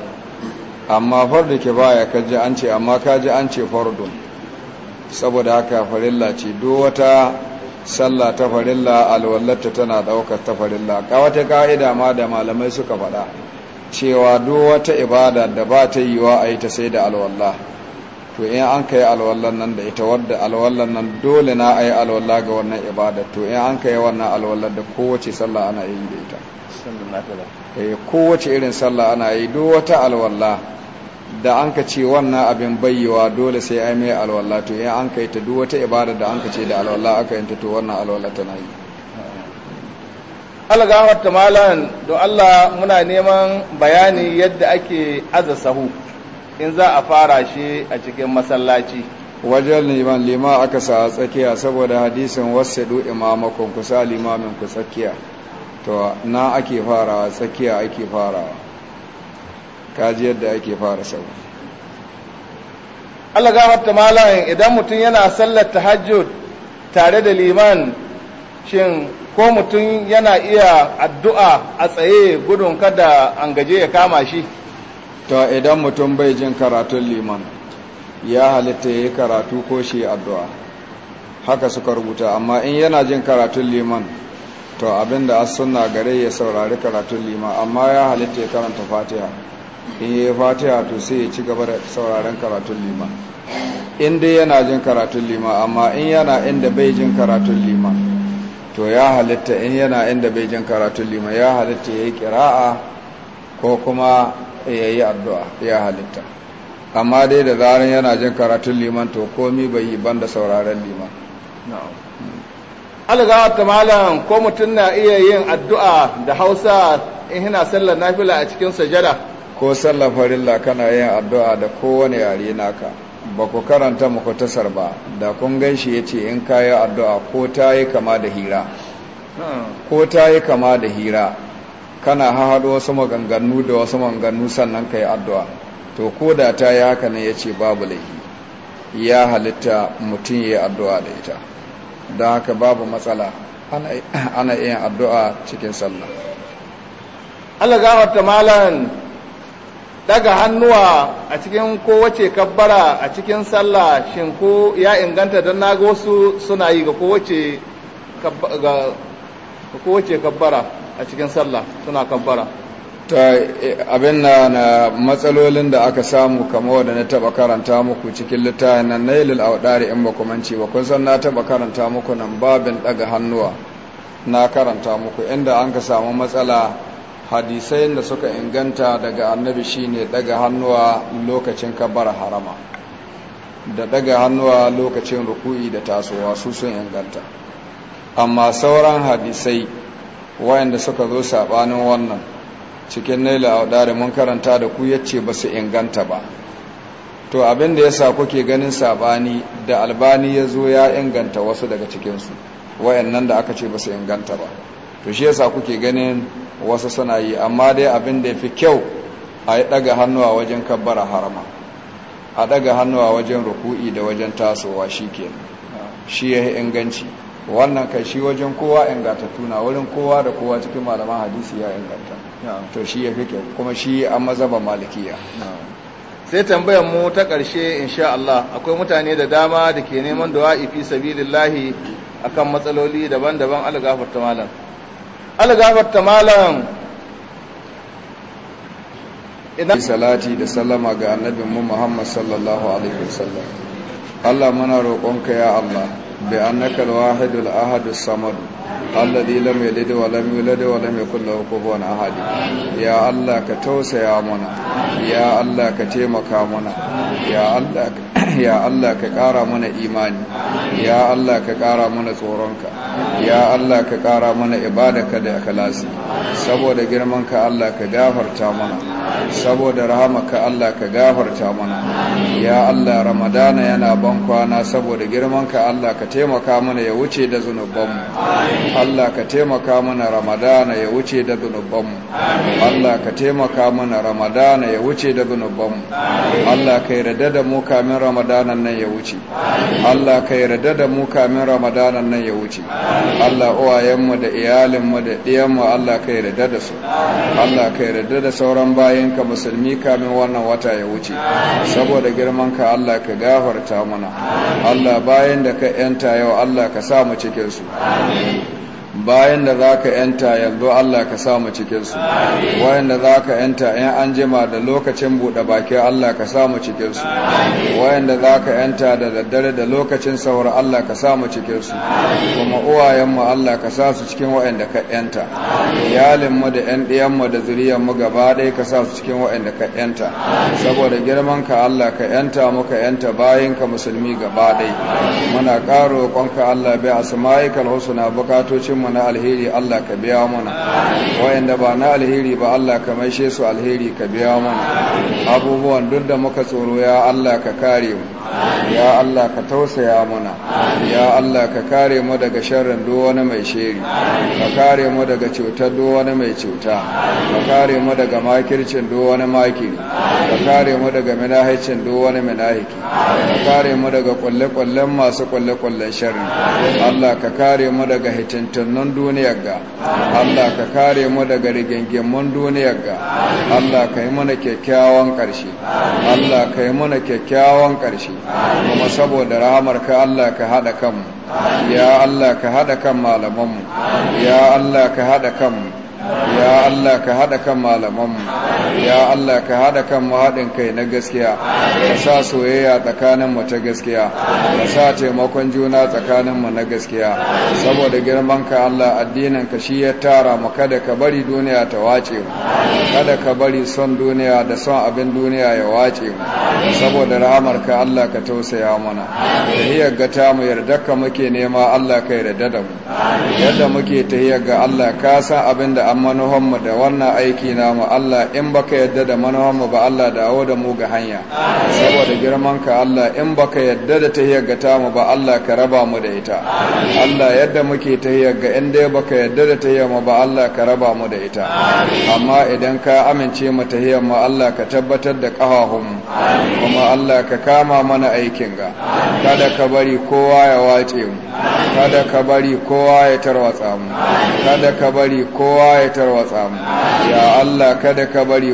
amma faru da faya kaji an ce amma kaji an ce don. saboda haka farilla ce do wata sallah ta farilla alwallarta tana daukar ta farilla ka wata ka'ida ma da malamai suka faɗa cewa duk wata ibada da ba ta wa a yi ta sai da alwallah to in an ka yi alwallah nan da ita wadda alwallah nan dole na a yi alwalla ga wannan ibada to in an ka yi wannan alwallah da kowace sallah ana yi da ita eh, kowace irin sallah ana yi duk wata alwalla da an ka ce wannan abin bayyawa dole sai ai mai alwalla to in an ka yi ta duk wata ibada da an ka ce da alwalla aka yi ta to wannan alwalla tana yi algawar tamalan don Allah muna neman bayani yadda ake aza sahu in za a fara shi a cikin masallaci wajen liman lima aka sa a tsakiya saboda hadisin wasu imamakon kusa limamin ku tsakiya to na ake fara tsakiya ake ka kaji yadda ake fara sahu Allah gafarta malayin idan mutum yana sallar tahajjud tare da liman shin ko mutum yana iya addu'a a tsaye gudun kada an gaje ya kama shi to idan mutum bai jin karatun liman ya halitta ya yi karatu ko shi addu'a haka suka rubuta amma in yana jin karatun liman to abinda as suna gare ya saurari karatun liman amma ya halitta ya karanta fatiha in yi fatiha to sai ya ci gaba da sauraren karatun liman in yana jin karatun liman amma in yana inda bai jin karatun liman to ya halitta in yana inda bai jin karatun liman ya halitta ya yi kira'a ko kuma ya yi addu'a ya halitta amma dai da zarin yana jin karatun liman to komi bai yi banda sauraren liman algawata ta malam ko mutum na iya yin addu'a da hausa in yana sallar nafila a cikin sajada ko sallar farilla kana yin addu'a da kowane yare naka ba ku karanta tasar ba da kun ganshi ce in kayi addu'a ko ta yi kama da hira ko ta yi kama da hira kana haɗo wasu maganganu da wasu maganganu sannan ka yi addu'a to ko da ta yi haka ne ya ce babu laifi ya halitta mutum ya yi addu'a da ita don haka babu matsala ana yin addu'a cikin sallah Allah gafarta Malam. daga hannuwa a cikin kowace kabbara a cikin sallah shin ko ya inganta don na wasu suna yi ga kowace kabbara a cikin sallah suna kabbara ta abin na na matsalolin da aka samu kama wadda na taba karanta muku cikin littafin nan na yilil audari in ba ce ba kun san na taba karanta muku nan babin daga hannuwa na karanta muku inda an ka samu matsala hadisai da suka inganta daga annabi shine daga hannuwa lokacin kabar harama da daga hannuwa lokacin ruku'i da tasowa su sun inganta amma sauran hadisai wayanda suka zo sabanin wannan cikin naila audare mun karanta da ku yace ba su inganta ba to abin da yasa kuke ganin sabani da albani ya zo ya inganta wasu daga cikinsu wayannan da aka ce ba su inganta ba to shi yasa kuke ganin wasu suna yi amma dai abin da fi kyau a yi ɗaga hannuwa wajen kabbara harama a ɗaga hannuwa wajen ruku'i da wajen tasowa shi ke shi ya yi inganci wannan kai shi wajen kowa ingantattu na wurin kowa da kowa cikin malaman hadisi ya inganta to shi ya fi kyau kuma shi an mazaba malikiya sai tambayar mu ta ƙarshe insha Allah akwai mutane da dama da ke neman du'a fi sabilillahi akan matsaloli daban-daban algafarta malam algafarta malam idan salati da sallama ga annabinmu Muhammad sallallahu alaihi wasallam Allah muna roƙonka ya Allah بأنك الواحد الأحد الصمد الذي لم يلد ولم يولد ولم يكن له كفوا أحد يا الله كتوسع منا يا الله كتيمك منا يا الله ya Allah ka ƙara mana imani ya Allah ka ƙara mana tsoronka ya Allah ka ƙara mana ibada ibadaka da akhlasi saboda girmanka Allah ka gafarta mana saboda rahama ka Allah ka gafarta mana ya Allah ramadana yana ban kwana saboda girmanka Allah ka taimaka mana ya wuce da zunubanmu Allah ka taimaka mana ramadana ya wuce da zunubanmu Allah ka taimaka mana ramadana ya wuce da zunubanmu Allah ka yarda da mu kamin ramadanan nan ya wuce Allah ka yarda da mu kamin ramadanan nan ya wuce Allah uwayenmu da iyalinmu da ɗiyanmu Allah ka yarda da su Allah ka yarda da sauran bayanka musulmi kamin wannan wata ya wuce saboda girman ka Allah ka gafarta mana Allah bayan da ka 'yan manta yau Allah ka sa mu cikin su amin bayan da za ka yanta yanzu Allah ka samu cikinsu wayanda za ka yanta yan an jima da lokacin buɗe baki Allah ka samu cikinsu wayanda za ka yanta da daddare da lokacin saur Allah ka samu cikinsu kuma uwayenmu Allah ka sa su cikin wayanda ka yanta iyalinmu da yan ɗiyanmu da zuriyarmu gaba ɗaya ka sa su cikin wayanda ka yanta saboda girman ka Allah ka yanta muka yanta bayan ka musulmi gaba ɗaya muna ƙaro roƙonka Allah bai asma'ikal husna mu. mu na alheri Allah ka biya mana wayanda ba na alheri ba Allah ka maishe su alheri ka biya mana abubuwan duk da muka tsoro ya Allah ka kare mu ya Allah ka tausaya mana ya Allah ka kare mu daga sharrin duk wani mai sheri ka kare mu daga cutar duk wani mai cuta ka kare mu daga makircin duk wani makiri ka kare mu daga minahicin duk wani minahiki ka kare mu daga kwalle-kwallen masu kwalle-kwallen sharri Allah ka kare mu daga hitintun fitintunan duniyar ga Allah ka kare mu daga rigingimin duniyar ga Allah ka yi mana kyakkyawan ƙarshe Allah ka yi mana kyakkyawan ƙarshe kuma saboda rahamar ka Allah ka haɗa kanmu ya Allah ka haɗa kan malamanmu ya Allah ka haɗa kanmu ya Allah ka haɗa kan malamanmu ya Allah ka haɗa kan mahaɗin kai na gaskiya ka sa soyayya mu ta gaskiya ka sa taimakon juna tsakanin mu na gaskiya saboda girman ka Allah addinin ka shi ya tara mu kada ka bari duniya ta wace mu kada ka bari son duniya da son abin duniya ya wace mu saboda rahamar ka Allah ka tausaya mana tahiyar ga ta mu yarda ka muke nema Allah ka yarda da mu yadda muke tahiyar ga Allah ka san abin da an manuhanmu da wannan aiki na mu Allah in baka yadda da manuhanmu ba Allah dawo da mu ga hanya saboda girman ka Allah in baka yadda da tahiyar ga tamu ba Allah ka raba mu da ita Allah yadda muke tahiyar ga in dai baka yadda da tahiyar mu ba Allah ka raba mu da ita amma idan ka amince mu tahiyar mu Allah ka tabbatar da kahahun mu kuma Allah ka kama mana aikin ga kada ka bari kowa ya wace mu kada ka bari kowa ya tarwatsa mu kada ka bari kowa ya ya tarwatsa mu ya Allah kada ka bari